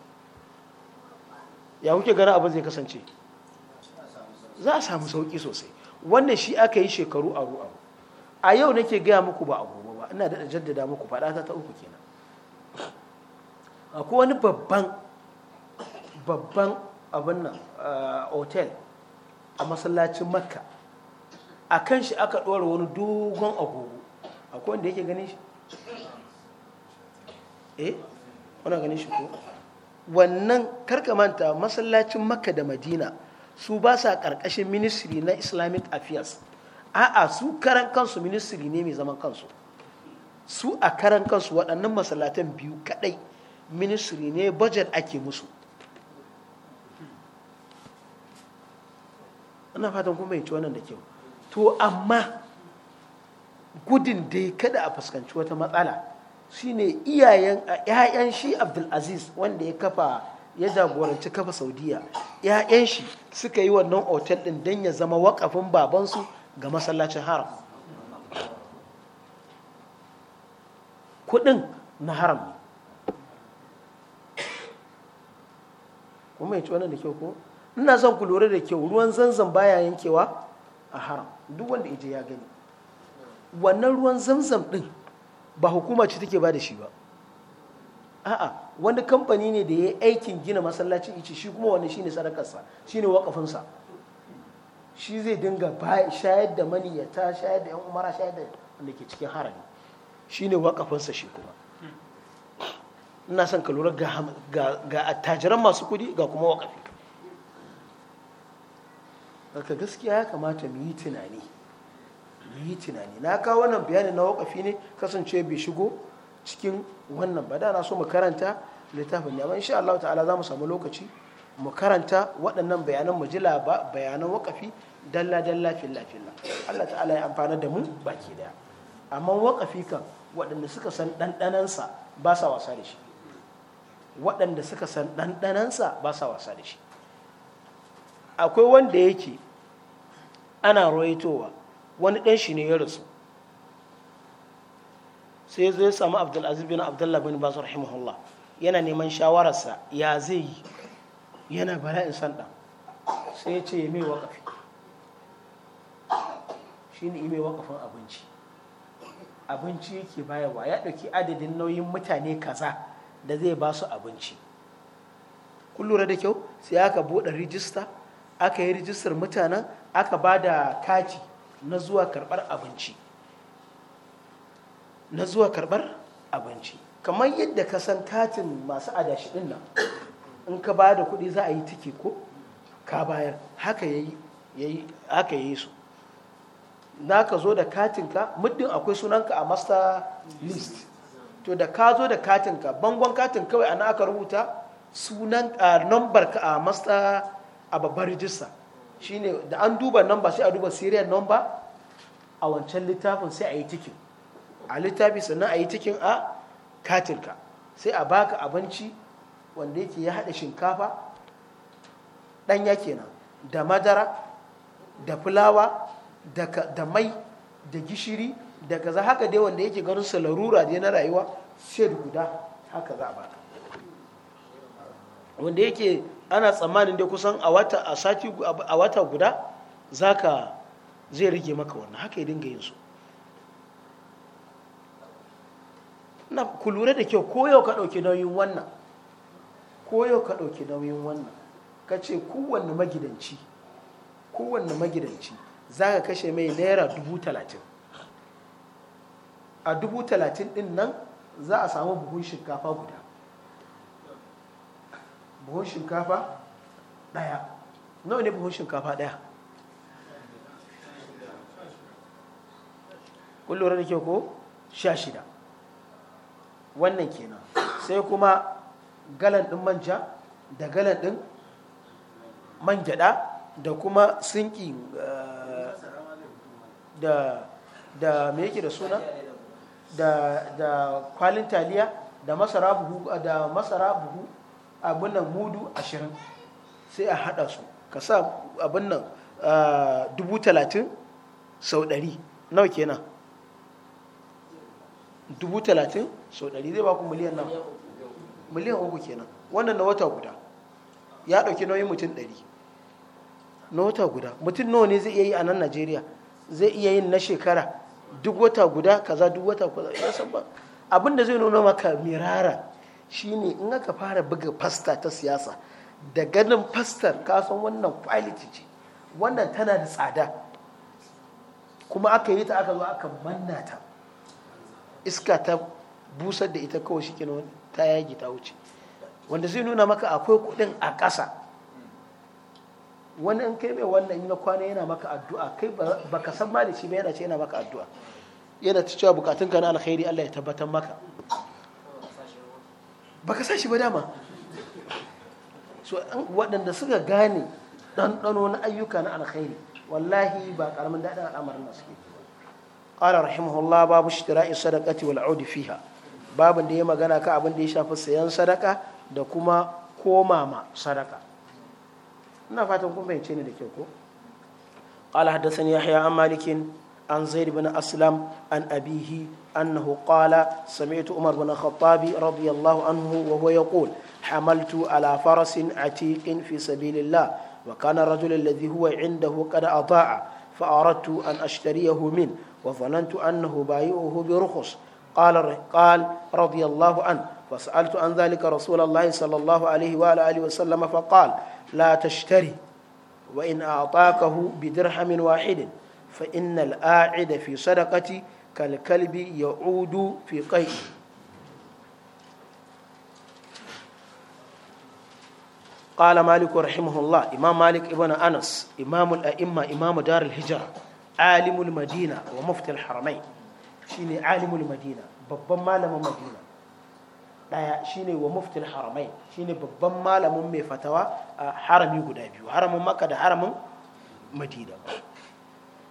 ya kuke gana abin zai kasance za a samu sauƙi sosai wannan shi aka yi shekaru aru aru a yau nake gaya muku ba a gobe ba ina da jaddada muku faɗa ta uku kenan akwai wani babban babban abin nan eh, otel a masallacin makka a kan shi aka ɗora wani dogon agogo akwai wanda yake ganin shi eh wana ganin shi ko wannan karkamanta masallacin makka da madina su ba sa ƙarƙashin ministry na islamic affairs a'a su karan kansu ministry ne mai zaman kansu su a karan kansu waɗannan masallatan biyu kaɗai ministry ne budget ake musu ana fatan kuma yi wannan da kyau to amma gudun dai kada a fuskanci wata matsala shine iyayen 'ya'yan shi abdulaziz wanda ya kafa ya jagoranci kafa saudiya 'ya'yan shi suka yi wannan otel ɗin don ya zama wakafin babansu ga masallacin haram kuɗin na haram kuma ya ci wannan da kyau ko ina son ku lura da kyau ruwan zanzan baya yankewa a haram duk wanda ije ya gani wannan ruwan zanzan ɗin ba hukuma ce take ba da shi ba a'a wani kamfani ne da ya yi aikin gina masallacin ice shi kuma wani shine sadakarsa shine wakafinsa shi zai dinga shayar da maniyata shayar da yan umara shayar da wanda ke cikin harami shine wakafinsa shi kuma ina son ka lura ga attajiran masu kudi ga kuma wakafi ka gaskiya ya kamata mu yi tunani mu yi tunani na kawo wannan bayanin na wakafi ne kasance bai shigo cikin wannan ba da so mu karanta littafin ne amma insha Allah ta'ala za mu samu lokaci mu karanta waɗannan bayanan majila ba bayanan wakafi dalla dalla filla filla Allah ta'ala ya amfana da mu baki daya amma wakafi kan waɗanda suka san ɗanɗanansa ba sa wasa da shi waɗanda suka san ɗanɗanansa ba sa wasa da shi akwai wanda yake ana roitowa wani ɗan shi ne ya rasu sai ya zo ya samu abdulaziz bin abdullahi bin basu rahimahullah yana neman shawararsa ya zai yi yana bala'in san ɗan sai ya ce ya mai waƙafi shi ne mai waƙafin abinci abinci yake bayarwa ya ɗauki adadin nauyin mutane kaza da zai ba su abinci kun lura da kyau sai aka buɗe rijista aka yi rijistar mutanen aka ba da kati na zuwa karɓar abinci na zuwa karbar abinci kamar yadda ka san katin masu adashi din nan in ka ba da kuɗi za a yi tiki ko ka bayar haka ya yi su na ka zo da katinka muddin akwai sunanka a master list to da ka zo da katinka bangon katin kawai ana aka rubuta sunan a number ka a master a babbar rijista shine da an duba number sai a duba serial number a wancan littafin sai a yi tikin a littafi sannan a yi cikin a katirka sai a baka abinci wanda yake ya haɗa shinkafa ɗanya kenan da madara da fulawa da mai da gishiri da kaza haka dai wanda yake ganin sa larura dai na rayuwa shed guda haka za a baka wanda yake ana tsammanin dai kusan a wata a sati a wata guda zaka zai rage maka wannan haka ya dinga yin su na ku lura da kyau koyo ka ɗauki nauyin wannan koyo ka ɗauki nauyin wannan ka ce kowanne magidanci kowanne magidanci za ka kashe mai naira dubu talatin a dubu talatin ɗin nan za a samu buhun shinkafa guda buhun shinkafa ɗaya nawa ne buhun shinkafa ɗaya kun lura da kyau ko sha shida wannan kenan sai kuma galan ɗin manja da galan ɗin man gyaɗa da kuma sinki eh, da da me yake da suna da kwalin taliya da masara buhu da abin nan mudu ashirin sai a haɗa su ka sa abin nan eh, dubu talatin sau ɗari nawa kenan dubu talatin so ɗari zai baku miliyan nan miliyan uku kenan wannan na wata guda ya ɗauki nauyin mutum ɗari na wata guda mutum nawa ne zai iya yi a nan najeriya zai iya yin na shekara duk wata guda kaza duk wata kaza ya san ba abin da zai nuna maka mirara shine in aka fara buga fasta ta siyasa da ganin fastar kasan wannan quality ce wannan tana da tsada kuma aka yi ta aka zo aka manna ta iska ta busar da ita kawai shi ta yagi ta wuce wanda zai nuna maka akwai kuɗin a ƙasa wani an kai mai wannan na kwana yana maka addu'a kai ba ka san ma da shi ba yana ce yana maka addu'a yana ta cewa ka na alkhairi Allah ya tabbatar maka ba ka sashi ba dama so waɗanda suka gane ɗanɗano na ayyuka na alkhairi wallahi ba ƙaramin daɗin al'amarin masu suke qala rahimahullah babu ishtira'i sadaqati wal audi fiha babin da ya magana ka abin da ya shafi sayan sadaka da kuma koma ma sadaka ina fatan kun fahimce ni da kyau ko qala haddathani yahya an malikin an zaid bin aslam an abihi أنه قال سمعت عمر بن الخطاب رضي الله عنه وهو يقول حملت على فرس عتيق في سبيل الله وكان الرجل الذي هو عنده قد أطاع فأردت أن أشتريه منه وظننت أنه بايعه برخص قال قال رضي الله عنه فسألت عن ذلك رسول الله صلى الله عليه وآله وسلم فقال لا تشتري وإن أعطاكه بدرهم واحد فإن الآعد في صدقتي كالكلب يعود في قيء قال مالك رحمه الله إمام مالك ابن أنس إمام الأئمة إمام دار الهجرة alimul madina wa muftil haramai shine alimul madina babban malamin madina daya shine wa muftil haramai shine babban malamin mai fatawa a harami guda biyu haramin maka da haramin madina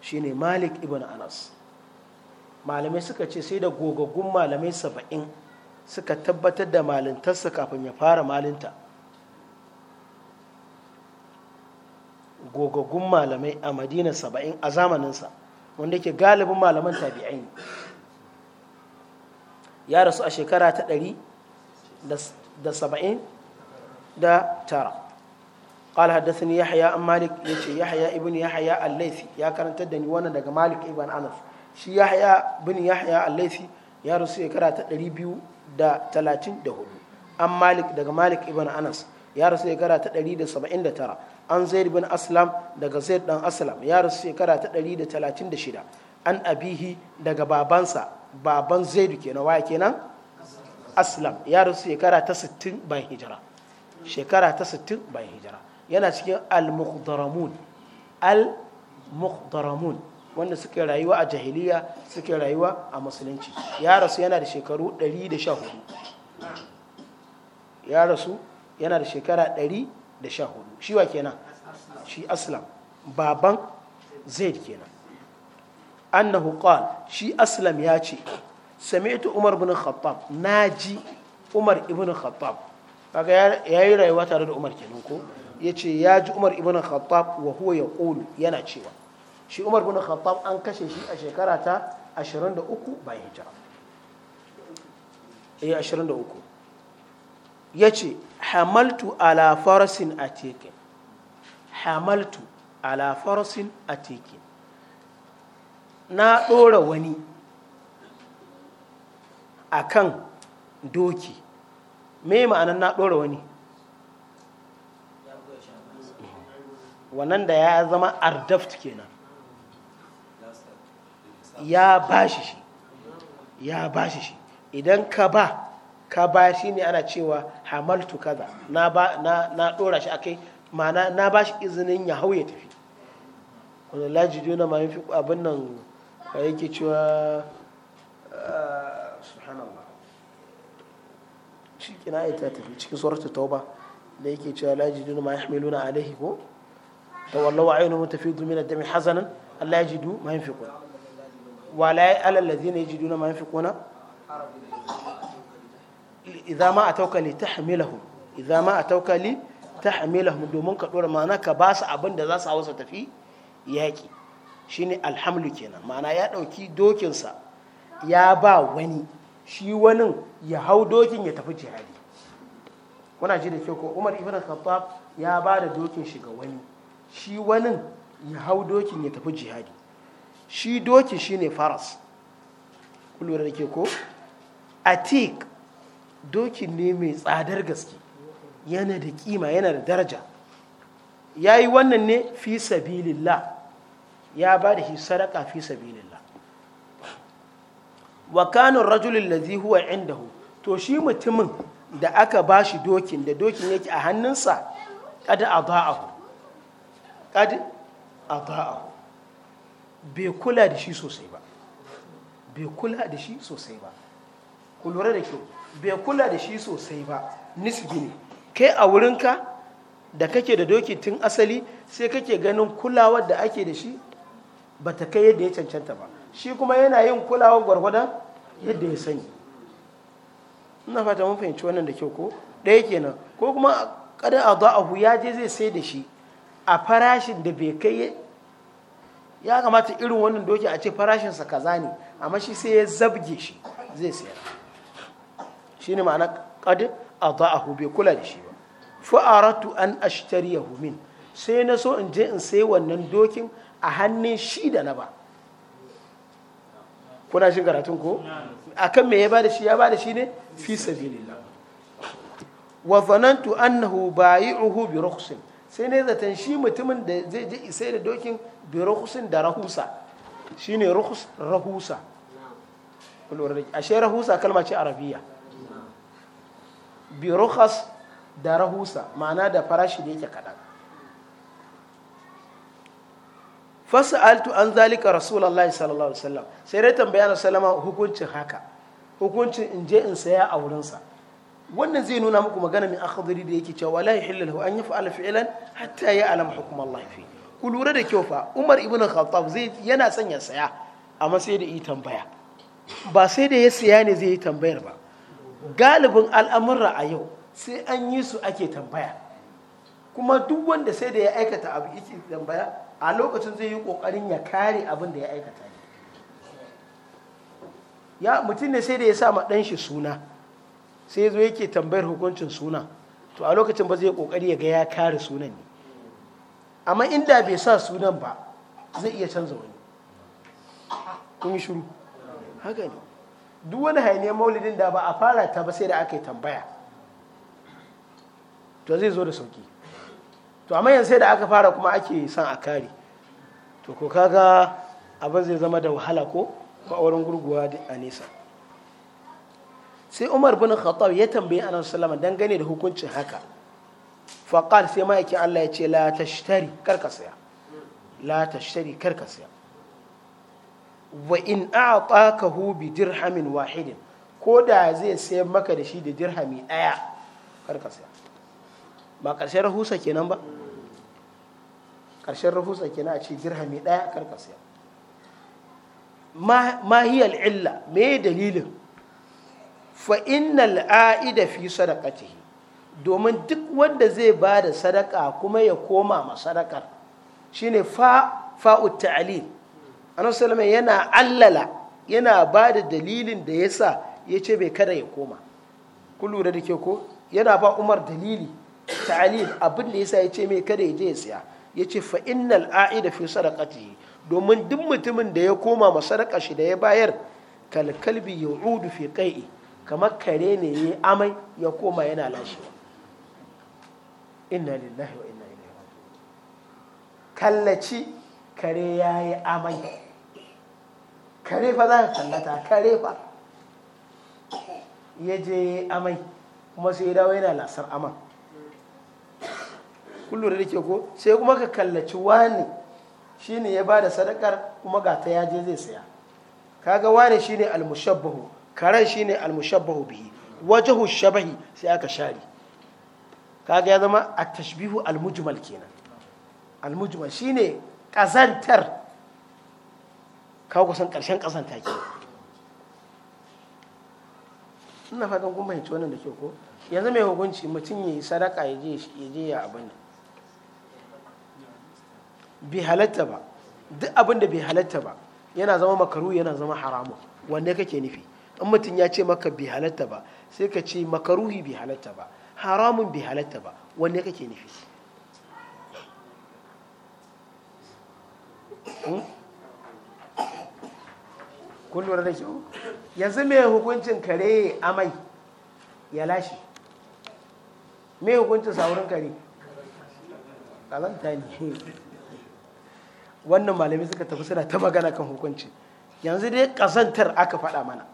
shine malik ibn anas malamai suka ce sai da gogaggun malamai saba'in suka tabbatar da malintarsa kafin ya fara malinta gogagun malamai a madina saba'in a zamaninsa wanda ke galibin malaman tabi'ai ya rasu a shekara ta ɗari da saba'in da tara ƙwal haddasin ya haya an malik ya ce ya haya ibin ya haya allaisi ya karanta da ni wannan daga malik iban anas shi ya haya bin ya haya allaisi ya rasu shekara ta ɗari biyu da talatin da hudu an malik daga malik iban anas ya rasu shekara ta 179 an zaid bin aslam daga zaid dan aslam ya rasu shekara ta 136 an abihi daga babansa baban zaidu kenan kenan aslam ya rasu shekara ta 60 bayan hijira shekara ta 60 bayan hijira yana cikin al-mukhdaramun al-mukhdaramun wanda suke rayuwa a jahiliya suke rayuwa a musulunci ya rasu yana da shekaru 114 ya rasu yana da shekara 114 shi wa kenan shi aslam baban zaid kenan annahu qal shi aslam ya ce sami'tu umar ibn khattab naji umar ibn khattab kaga yayi rayuwa tare da umar kenan ko yace ya ji umar ibn khattab wa huwa yaqulu yana cewa shi umar ibn khattab an kashe shi a shekara ta 23 bayan hijira eh 23 ya ce hamaltu ala farasin a tekin hamaltu ala farasin a tekin na ɗora wani a kan doki me ma'anar na ɗora wani wannan da ya zama ardaft kenan ya bashi shi ya bashi shi idan ka ba ka bayar ne ana cewa hamaltu kaza na ba na na dora shi akai ma'ana na ba shi izinin ya hau ya tafi Wani laji juna ma yafi abin nan ba yake cewa ah, subhanallah shi kina ita tafi cikin suratul tauba da yake cewa laji juna ma ya yahmiluna alaihi ko da mun tawallaw a'yunuhum tafidu min hazanin Allah ya ji du ma yunfiquna wala ya yi alal ji yajiduna ma yunfiquna idza ma atauka li tahmilahum idza ma atauka li tahmilahum domin ka dora ma'ana ka ba su abin da za su hawa su tafi yaki shine alhamlu kenan ma'ana ya dauki dokin sa ya ba wani shi wani ya hau dokin ya tafi jihadi kuna ji da kyau ko Umar ibn Khattab ya ba da dokin shi ga wani shi wani ya hau dokin ya tafi jihadi shi dokin shine faras kullu da ke ko atik dokin ne mai tsadar gaske yana da kima yana da daraja ya yi wannan ne fi sabilillah ya ba da shi sadaka fi sabilillah wa kanun rajulun lazi huwa indahu to shi mutumin da aka ba shi dokin da dokin yake a hannunsa kada a za'ahu a bai kula da shi sosai ba bai kula da shi sosai ba ku da kyau bai kula da shi sosai ba nisbi ne kai a wurinka da kake da doki tun asali sai kake ganin kulawar da ake da shi ba ta kai yadda ya cancanta ba shi kuma yana yin kulawar gwargwadon yadda ya sani ina fata mun fahimci wannan da kyau ko ɗaya kenan ko kuma kadan a ahu ya je zai sai da shi a farashin da bai kai ya kamata irin wannan doki a ce farashinsa kaza ne amma shi sai ya zabge shi zai sayar shine ma'ana za a bai kula da shi ba fa'aratu an an ashtariyahu min sai na so in je in sai wannan dokin a hannun shi da na ba kuna shi karatun ko akan me ya ba da shi ya ba da shi ne fi sabilillah wa zanantu annahu bayi'uhu bi rukhsin sai ne zaton shi mutumin da zai je isai da dokin bi rukhsin da rahusa shine rukhs rahusa ashe rahusa kalma ce arabiya bi da rahusa ma'ana da farashi da yake kaɗan altu an zalika rasulullahi sallallahu alaihi wasallam sai dai tambaya na salama hukuncin haka hukuncin in je in saya a wurinsa wannan zai nuna muku magana mai akhdari da yake cewa la yahillu lahu an yaf'ala fi'lan hatta yi hukm Allah fi ku lura da kyau fa Umar ibn Khattab zai yana son ya saya amma sai da yi tambaya ba sai da ya saya ne zai yi tambayar ba galibin al'amurra a yau sai an yi su ake tambaya kuma duk wanda sai da ya aikata abu yake tambaya a lokacin zai yi kokarin ya kare abin da ya aikata ya mutum ne sai da ya sa ma ɗan shi suna sai ya zo yake tambayar hukuncin suna to a lokacin ba zai kokari ya ga kare sunan ne amma inda bai sa sunan ba zai iya canza wani kun yi shuru haka ne duk wani hainiyar maulidin da ba a fara ta ba sai da aka yi tambaya to zai zo da sauki to amma yanzu sai da aka fara kuma ake son a kare to ko kaga abin zai zama da wahala ko ma'aurin gurguwa a nesa sai umar bin khattab ya tambayi annabi sallama dangane da hukuncin haka faqal sai ma'aikin Allah ya ce la tashtari ka saya la tashtari karka saya wa in a'takahu bi dirhamin wahidin ko da zai sai maka da shi da dirhami ɗaya karka saya ba ƙarshen rahusa kenan ba ƙarshen rahusa kenan a ce dirhami ɗaya karka saya ma hiya illa me dalilin fa ina al'a'ida fi sadaqatihi domin duk wanda zai ba da sadaka kuma ya koma ma sadakar shine fa fa'ut ta'lil annabi sallama yana allala yana ba da dalilin da ya sa ya ce bai kada ya koma kullu da ke ko yana ba umar dalili ta'alil abin da ya sa ya ce mai kada ya je ya siya ya ce fa innal a'ida fi sadaqati domin duk mutumin da ya koma ma shi da ya bayar kal kalkalbi yu'udu fi qai'i kamar kare ne ya amai ya koma yana lashewa inna lillahi wa inna ilaihi raji'un kallaci kare yayi amai kare fa za ka kallata kare fa ya je amai kuma sai ya dawo yana lasar aman kullum da ke ko sai kuma ka kallaci wani shine ya ba da sadakar kuma ga ta yaje zai saya kaga wani shine almushabbahu karen shine almushabbahu bihi wajahu shabahi sai aka share kaga ya zama a tashbihu almujmal kenan almujmal shine kazantar ka kusan ƙarshen ƙasan take ina fatan kun fahimci wannan da ke ko yanzu mai hukunci mutum ya yi sadaka ya je ya abin da bai halatta ba duk abin da bai halatta ba yana zama makaru yana zama haramu wanne kake nufi in mutum ya ce maka bi halatta ba sai ka ce makaruhi bai halatta ba haramun bai halatta ba wanne kake nufi hmm? kun lura da kyau yanzu mai hukuncin kare amai ya lashe mai hukuncin saurin kare ƙazanta ne wannan malami suka tafi suna ta magana kan hukuncin yanzu dai ƙazantar aka faɗa mana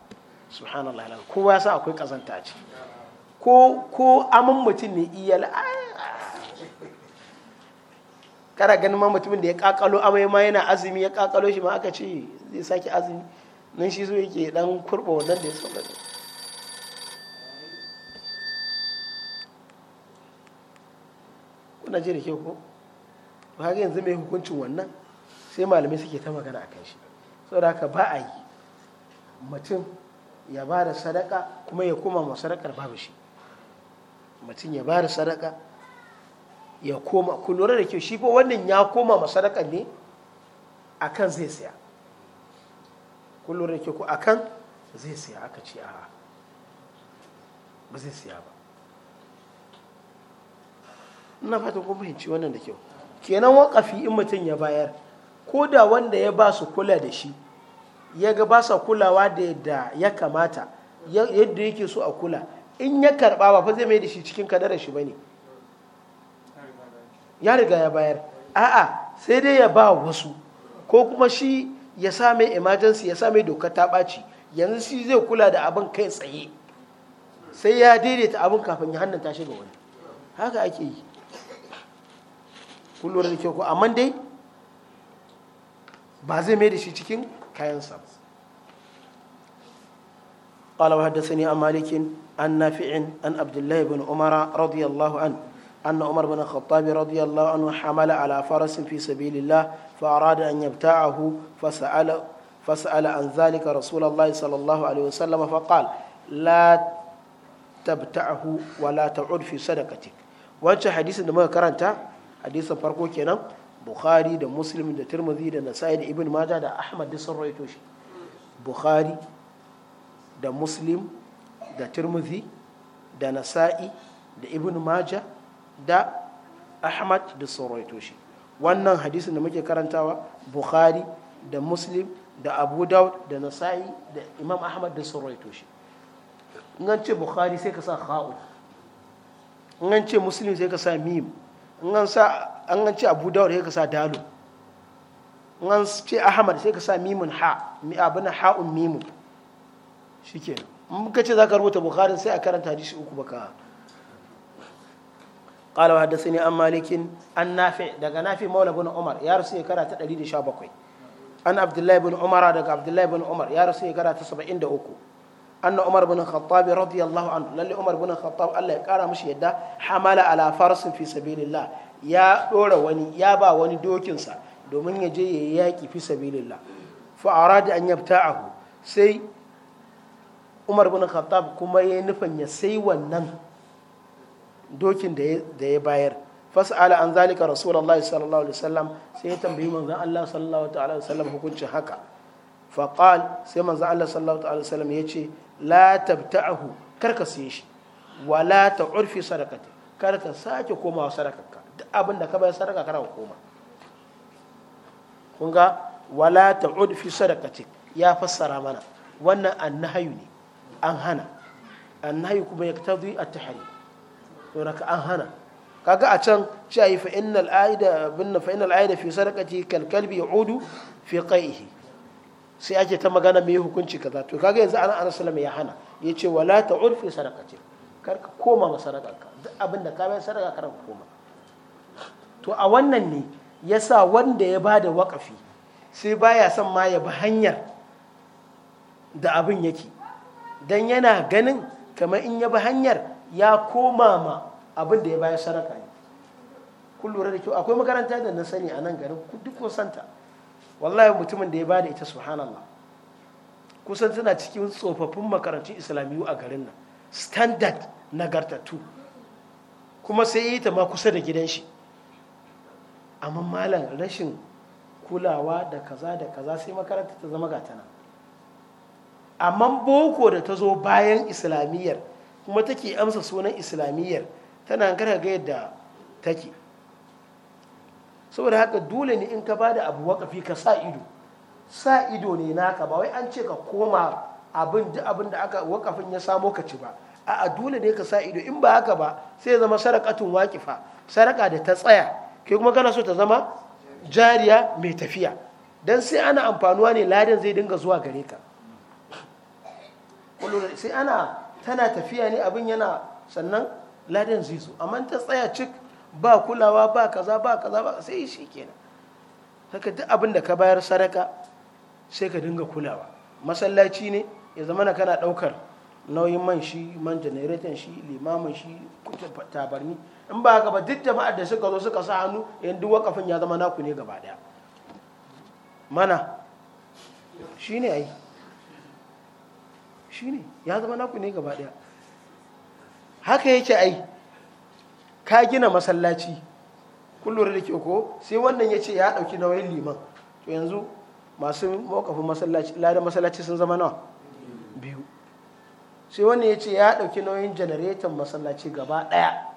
subhanallah kowa ya sa akwai ƙazanta ce ciki ko amin mutum ne iya kara ganin ma mutumin da ya kakalo amai ma yana azumi ya kakalo shi ma aka ce zai sake azumi nan shi so yake dan kurba wannan da ya so ɗan kuna ji da ke ko ba haka yanzu mai hukuncin wannan sai malamai suke ta magana a kan shi da haka ba a yi mutum ya ba da sadaka kuma ya koma ma sadakar babu shi mutum ya ba da sadaka ya koma ku lura da kyau shi ko wannan ya koma ma sadakar ne akan zai saya kullum da ke ku a kan zai siya aka ce a ba zai siya ba ina fata ko fahimci wannan da kyau kenan wakafi in mutum ya bayar ko da wanda ya ba su kula da shi ya ga ba sa kulawa da yadda ya kamata yadda yake so a kula in ya karba ba fa zai mai da shi cikin kadarar shi bane ya riga ya bayar a'a sai dai ya ba wasu ko kuma shi ya sa mai emergency ya sa mai dokar ta ɓaci yanzu shi zai kula da abin kai tsaye sai ya daidaita abin kafin ya hannun tashi ga wani haka ake yi kullum da kyau ko amma dai ba zai mai da shi cikin kayansa ba قال وحدثني عن مالك عن نافع عن عبد الله بن عمر رضي الله عنه أن عمر بن الخطاب رضي الله عنه حمل على فرس في سبيل الله فأراد أن يبتاعه فسأل فسأل عن ذلك رسول الله صلى الله عليه وسلم فقال لا تبتعه ولا تعد في صدقتك wancan hadisin da muka karanta hadisin farko kenan bukhari da muslim da tirmidhi da nasai da ibn majah da ahmad da sun rawaito shi bukhari da muslim da tirmidhi da nasa'i da ibn majah da ahmad da sun rawaito shi wannan hadisin da muke karantawa bukhari da muslim da abu daud da nasa'i da imam ahmad da sun toshe. shi in ce bukhari sai ka sa kha'u in ce muslim sai ka sa mim in an ce abu daud sai ka sa dalu in ce ahmad sai ka sa mimun ha abin ha'un mimun shikenan in ka ce za ka rubuta bukharin sai a karanta hadisi uku baka قال وحدثني عن مالك عن نافع دغ نافع مولى بن عمر يا رسول كرا 117 عن عبد الله بن عمر دغ عبد الله بن عمر يا رسول كرا 73 أن عمر بن الخطاب رضي الله عنه للي عمر بن الخطاب الله يقرا مش يدا حمل على فرس في سبيل الله يا دورا وني يا با وني دوكنسا domin ya je ya yaƙi fi sabilillah fa arada an yabta'ahu sai Umar bin Khattab kuma ya nufin ya sai wannan dokin da ya bayar fas'ala an zalika rasulullahi sallallahu alaihi wasallam sai ya tambayi manzon Allah sallallahu ta'ala alaihi wasallam hukuncin haka faqal sai manzon Allah sallallahu ta'ala alaihi wasallam yace la tabta'ahu karka siye shi wala ta'urfi sadaqati karka sake komawa sadakarka duk abin da ka bayar sadaka kana koma kun ga wala ta'ud fi sadaqatik ya fassara mana wannan annahayu ne an hana annahayu kuma yaktazi at-tahrim saboda an hana kaga a can ci ayi fa innal aida binna fa innal aida fi sadaqati kal kalbi yaudu fi qaihi sai ake ta magana mai hukunci kaza to kaga yanzu ana anas sallama ya hana yace wala ta'ud fi sadaqati kar ka koma ma sadaqa duk abinda ka bai sadaqa kar ka koma to a wannan ne yasa wanda ya bada waƙafi sai baya son ma ya bi hanyar da abin yake dan yana ganin kamar in ya bi hanyar ya koma ma abin ya bayar sadaka ne kun lura da kyau akwai makaranta da na sani a nan garin duk ko santa wallahi mutumin da ya bada ita subhanallah kusan tana cikin tsofaffin makarantun islamiyu a garin nan standard nagartattu kuma sai yi ta ma kusa da gidan shi amma malam rashin kulawa da kaza da kaza sai makaranta ta zama nan amma boko da ta zo bayan islamiyyar kuma take amsa sunan islamiyyar tana gara ga yadda take saboda haka dole ne in ka ba da abu waƙafi ka sa ido sa ido ne naka ba wai an ce ka koma abin duk abin da aka wakafin ya samo ka ci ba a'a dole ne ka sa ido in ba haka ba sai zama sarakatun waƙifa saraka da ta tsaya ke kuma kana so ta zama jariya mai tafiya don sai ana amfanuwa ne ladin zai dinga zuwa gare ka sai ana tana tafiya ne abin yana sannan ladan zai amma ta tsaya cik ba kulawa ba kaza ba kaza ba sai shi kenan haka duk abin da ka bayar sadaka sai ka dinga kulawa masallaci ne ya zama na kana daukar nauyin man shi man janareton shi limamin shi tabarni in ba haka ba duk jama'ar da suka zo suka sa hannu yan duk wakafin ya zama naku ne gaba daya mana shine ai shi ne ya zama naku ne gaba daya haka yake ai ka gina masallaci kullum da ke ko sai wannan ya ce ya dauki nauyin liman to yanzu masu mawakafin masallaci ladan masallaci sun zama nawa biyu sai wannan ya ce ya dauki nauyin janareton masallaci gaba ɗaya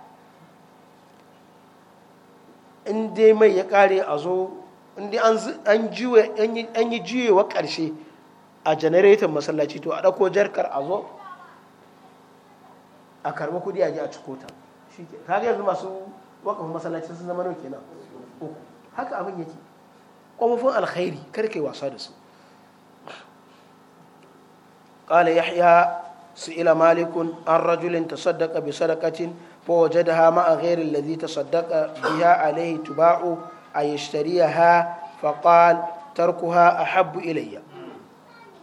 in dai mai ya kare a zo in dai an yi juyewa ƙarshe a janareton masallaci to a ɗauko jarkar a zo a karɓi kuɗi a ji a ciko ta kaga yanzu masu wakafin masallaci sun zama nauke nan uku haka abin yake ƙwamfin alkhairi karkai wasa da su قال يحيى سئل مالك da hama a بصدقة فوجدها مع غير الذي تصدق tuba'u a تباع ha يشتريها tarkuha a أحب ilayya.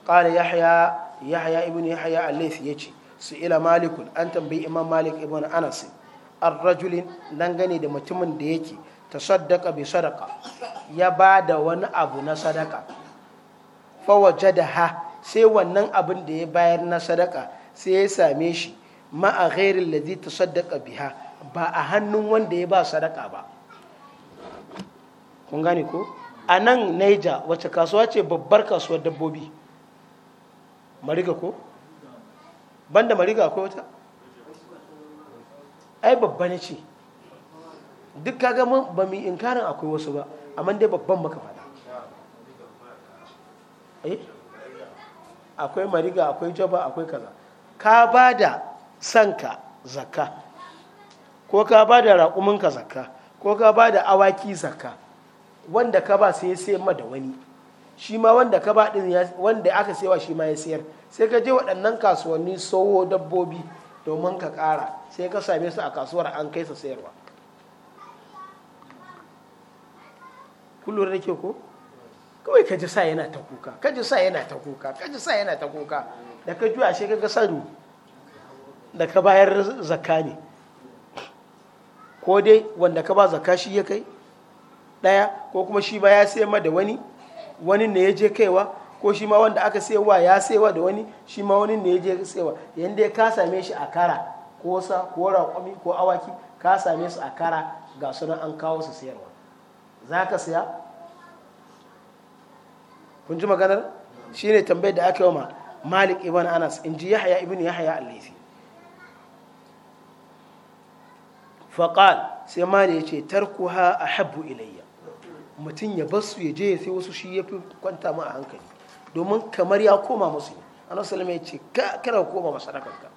qala yahya yahya Yahaya yahya al-laythi yace su ila malikun an tambayi imam malik ibn anas ar-rajulin dangane da mutumin da yake tasaddaqa bi sadaqa ya bada wani abu na sadaka fa da ha sai wannan abin da ya bayar na sadaka sai ya same shi ma a ghairil ladhi tasaddaqa biha ba a hannun wanda ya ba sadaka ba kun gane ko a nan naija wacce kasuwa ce babbar kasuwar dabbobi mariga ko banda mariga akwai wata ai babba ne ce duk kaga ba mu inkarin akwai wasu ba amma dai babban maka faɗa eh? akwai mariga akwai jaba akwai kaza ka ba da sanka zakka ko ka ba da raƙuminka zakka ko ka ba da awaki zakka wanda ka ba sai sai ma da wani shi ma wanda ka ba ɗin wanda aka sewa shi ma ya sayar sai ka je waɗannan kasuwanni sowo dabbobi domin ka ƙara sai ka same su a kasuwar an kai su sayarwa kullum da ke ko kawai ka ji sa yana ta kuka ka ji sa yana ta kuka ka ji sa yana ta kuka da ka juya shi ka sadu da ka bayar zakka ne ko dai wanda ka ba zakka shi ya kai ɗaya ko kuma shi ba ya sayar ma da wani wani ne ya je kaiwa ko shi ma wanda aka sewa ya sewa da wani shi ma wani ne ya je sewa yadda ya ka same shi a kara ko sa ko raƙwami ko awaki ka same su a kara ga sunan an kawo su sayarwa za ka saya kun ji maganar shi ne tambayar da aka yi ma malik Iban, anas in ji yahaya ibn yahaya al faƙal sai mali ya ce tarkuha a habbu ilayya mutum ya bar su ya je ya sai wasu shi ya fi kwanta ma a hankali domin kamar ya koma musu ne annabi sallallahu ya ce kada ka koma masarakarka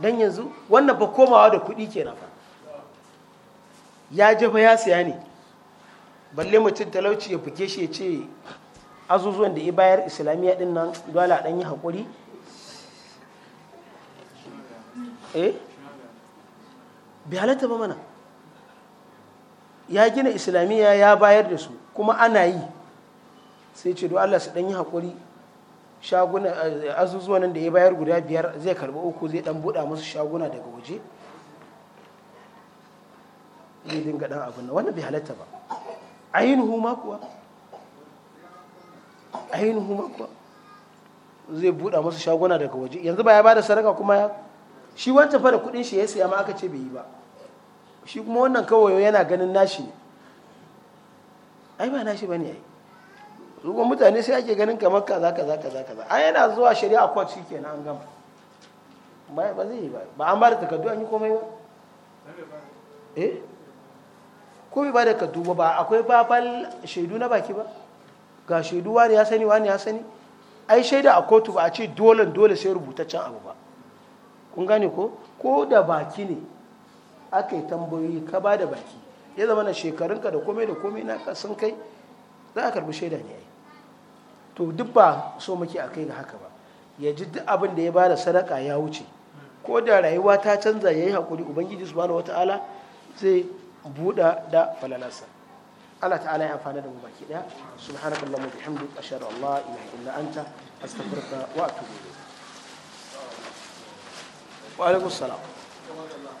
dan yanzu wannan ba komawa da kuɗi kenan fa ya je fa ya siya ne balle mutum talauci ya buge shi ya ce azuzuwan da ya bayar islamiyya din nan dole a dan yi hakuri eh bi ba mana ya gina islamiyya ya bayar da su kuma ana yi sai ce do Allah su dan yi hakuri shaguna eh, azuzuwa nan da ya bayar guda biyar zai karɓi uku zai dan buɗa musu shaguna daga waje zai dinga dan abin nan wannan bai halatta ba ainihu ma kuwa ainihu ma kuwa zai buɗa musu shaguna daga waje yanzu ba ya bada sadaka kuma ya shi wancan fa da kuɗin shi ya siya ma aka ce bai yi ba shi kuma wannan kawai yana ganin nashi ne ai ba nashi ba ne ai zuwa mutane sai ake ganin kamar kaza kaza kaza kaza ai yana zuwa shari'a shi ke an gama ba ba zai yi ba ba an ba da takardu an yi komai ba eh ko bai ba da takardu ba akwai babal shaidu na baki ba ga shaidu wani ya sani wani ya sani ai shaida a kotu ba a ce dole dole sai rubutaccen abu ba kun gane ko ko da baki ne aka yi tambayoyi ka ba da baki ya zama na shekarunka da komai da komai naka sun kai za a karbi shaida ne to duk ba so muke a kai ga haka ba ya ji duk abin da ya bada sadaka ya wuce ko da rayuwa ta canza ya yi haƙuri ubangiji su wata wata'ala zai buɗa da falalarsa Allah ta'ala ya amfana da mu baki ɗaya subhanakallahumma bihamdika ashhadu an la ilaha illa anta astaghfiruka wa atubu wa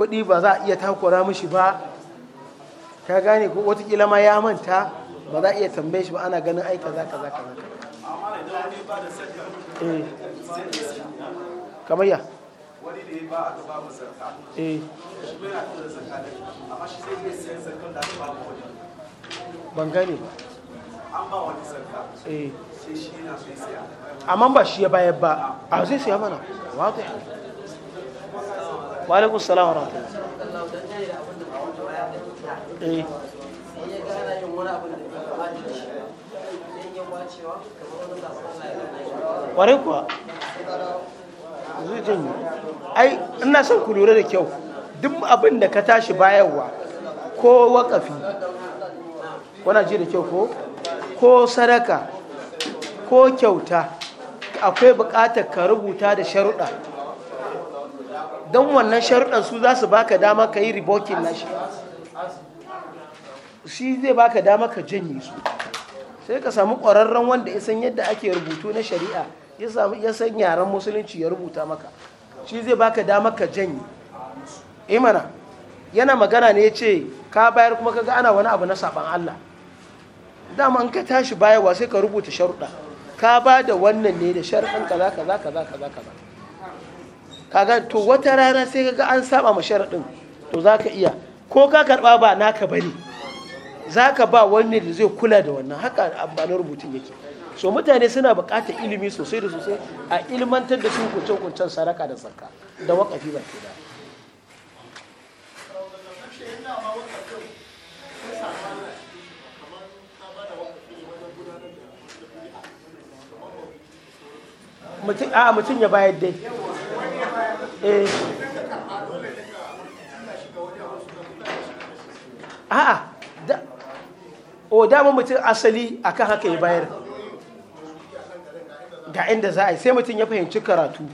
kuɗi ba za a iya takura mishi ba ka gane ko watakila ma ya manta ba za a iya tambaye shi ba ana ganin ai kaza kaza kaza eh. kamar ya wani da ya ba eh shi bai na tura amma shi zai iya da aka ba wani ban gane ba an ba wani eh sai shi yana amma ba shi ya bayar ba a zai mana wa alaikum salam wa rahmatullah eh kwarai kuwa zai janyo ai ina son ku lura da kyau duk abin da ka tashi bayanwa ko wakafi wana ji da kyau ko ko sadaka ko kyauta akwai bukatar ka rubuta da sharuɗa don wannan sharuɗan su za su baka dama ka yi ribokin nashi shi zai baka dama ka janye su sai ka samu ƙwararren wanda ya san yadda ake rubutu na shari'a ya san yaren musulunci ya rubuta maka shi zai baka dama ka janye imana eh yana magana ne ya ce ka bayar kuma kaga ana wani abu na saban Allah dama an ka tashi bayarwa sai ka rubuta sharuɗa ka ba da wannan ne da sharuɗan kaza kaza kaza kaza kaza kaga to wata rana sai kaga an saba ma sharaɗin to za ka iya ko ka karɓa ba naka ba ne za ka ba wani da zai kula da wannan haka amfanin rubutun yake so mutane suna buƙatar ilimi sosai da sosai a ilmantar da su kunce-kuncen saraka da zakka da wakafi ba ke da mutum ya bayar dai a'a da o dama mutum asali akan haka ya bayar ga inda za a yi sai mutum ya fahimci karatu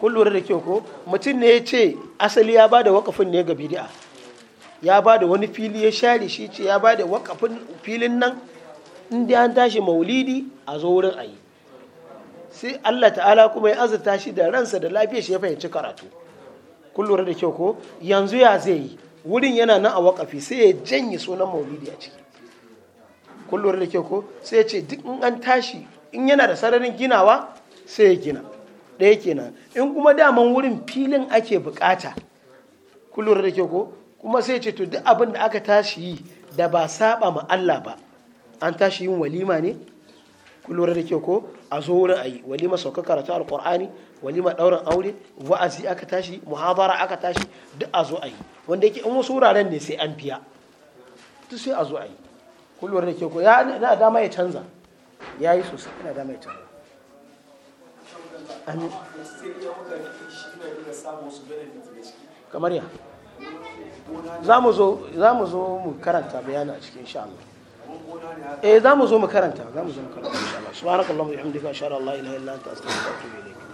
kun lura da kyau ko mutum ne ya ce asali ya ba da wakafin ne ga bidi'a ya ba da wani fili ya share shi ce ya ba da wakafin filin nan inda an tashi maulidi a zo wurin a sai Allah ta'ala kuma ya azurta shi da ransa da lafiya shi ya fahimci karatu kun da kyau ko yanzu ya zai yi wurin yana nan a wakafi sai ya janye sunan maulidi a ciki kun da kyau ko sai ya ce duk in an tashi in yana da sararin ginawa sai ya gina ɗaya kenan in kuma daman wurin filin ake bukata kun da kyau ko kuma sai ya ce to duk abin da aka tashi yi da ba saba ma Allah ba an tashi yin walima ne kun lura da kyau ko a zo wurin ayi walima sauka karatu alqur'ani walima daurin aure wa'azi aka tashi muhabara aka tashi duk a zo ayi wanda yake in wasu wuraren ne sai an biya duk sai a zo ayi kun da kyau ko ya na dama ya canza yayi sosai ina dama ya canza amin kamar ya za mu zo mu karanta bayani a cikin sha'anin إذا إيه، مزوم كرنتها إذا مزوم كرنتها الله سبحانك اللهم وبحمدك إن لا إله إلا أنت أستغفرك وأتوب إليك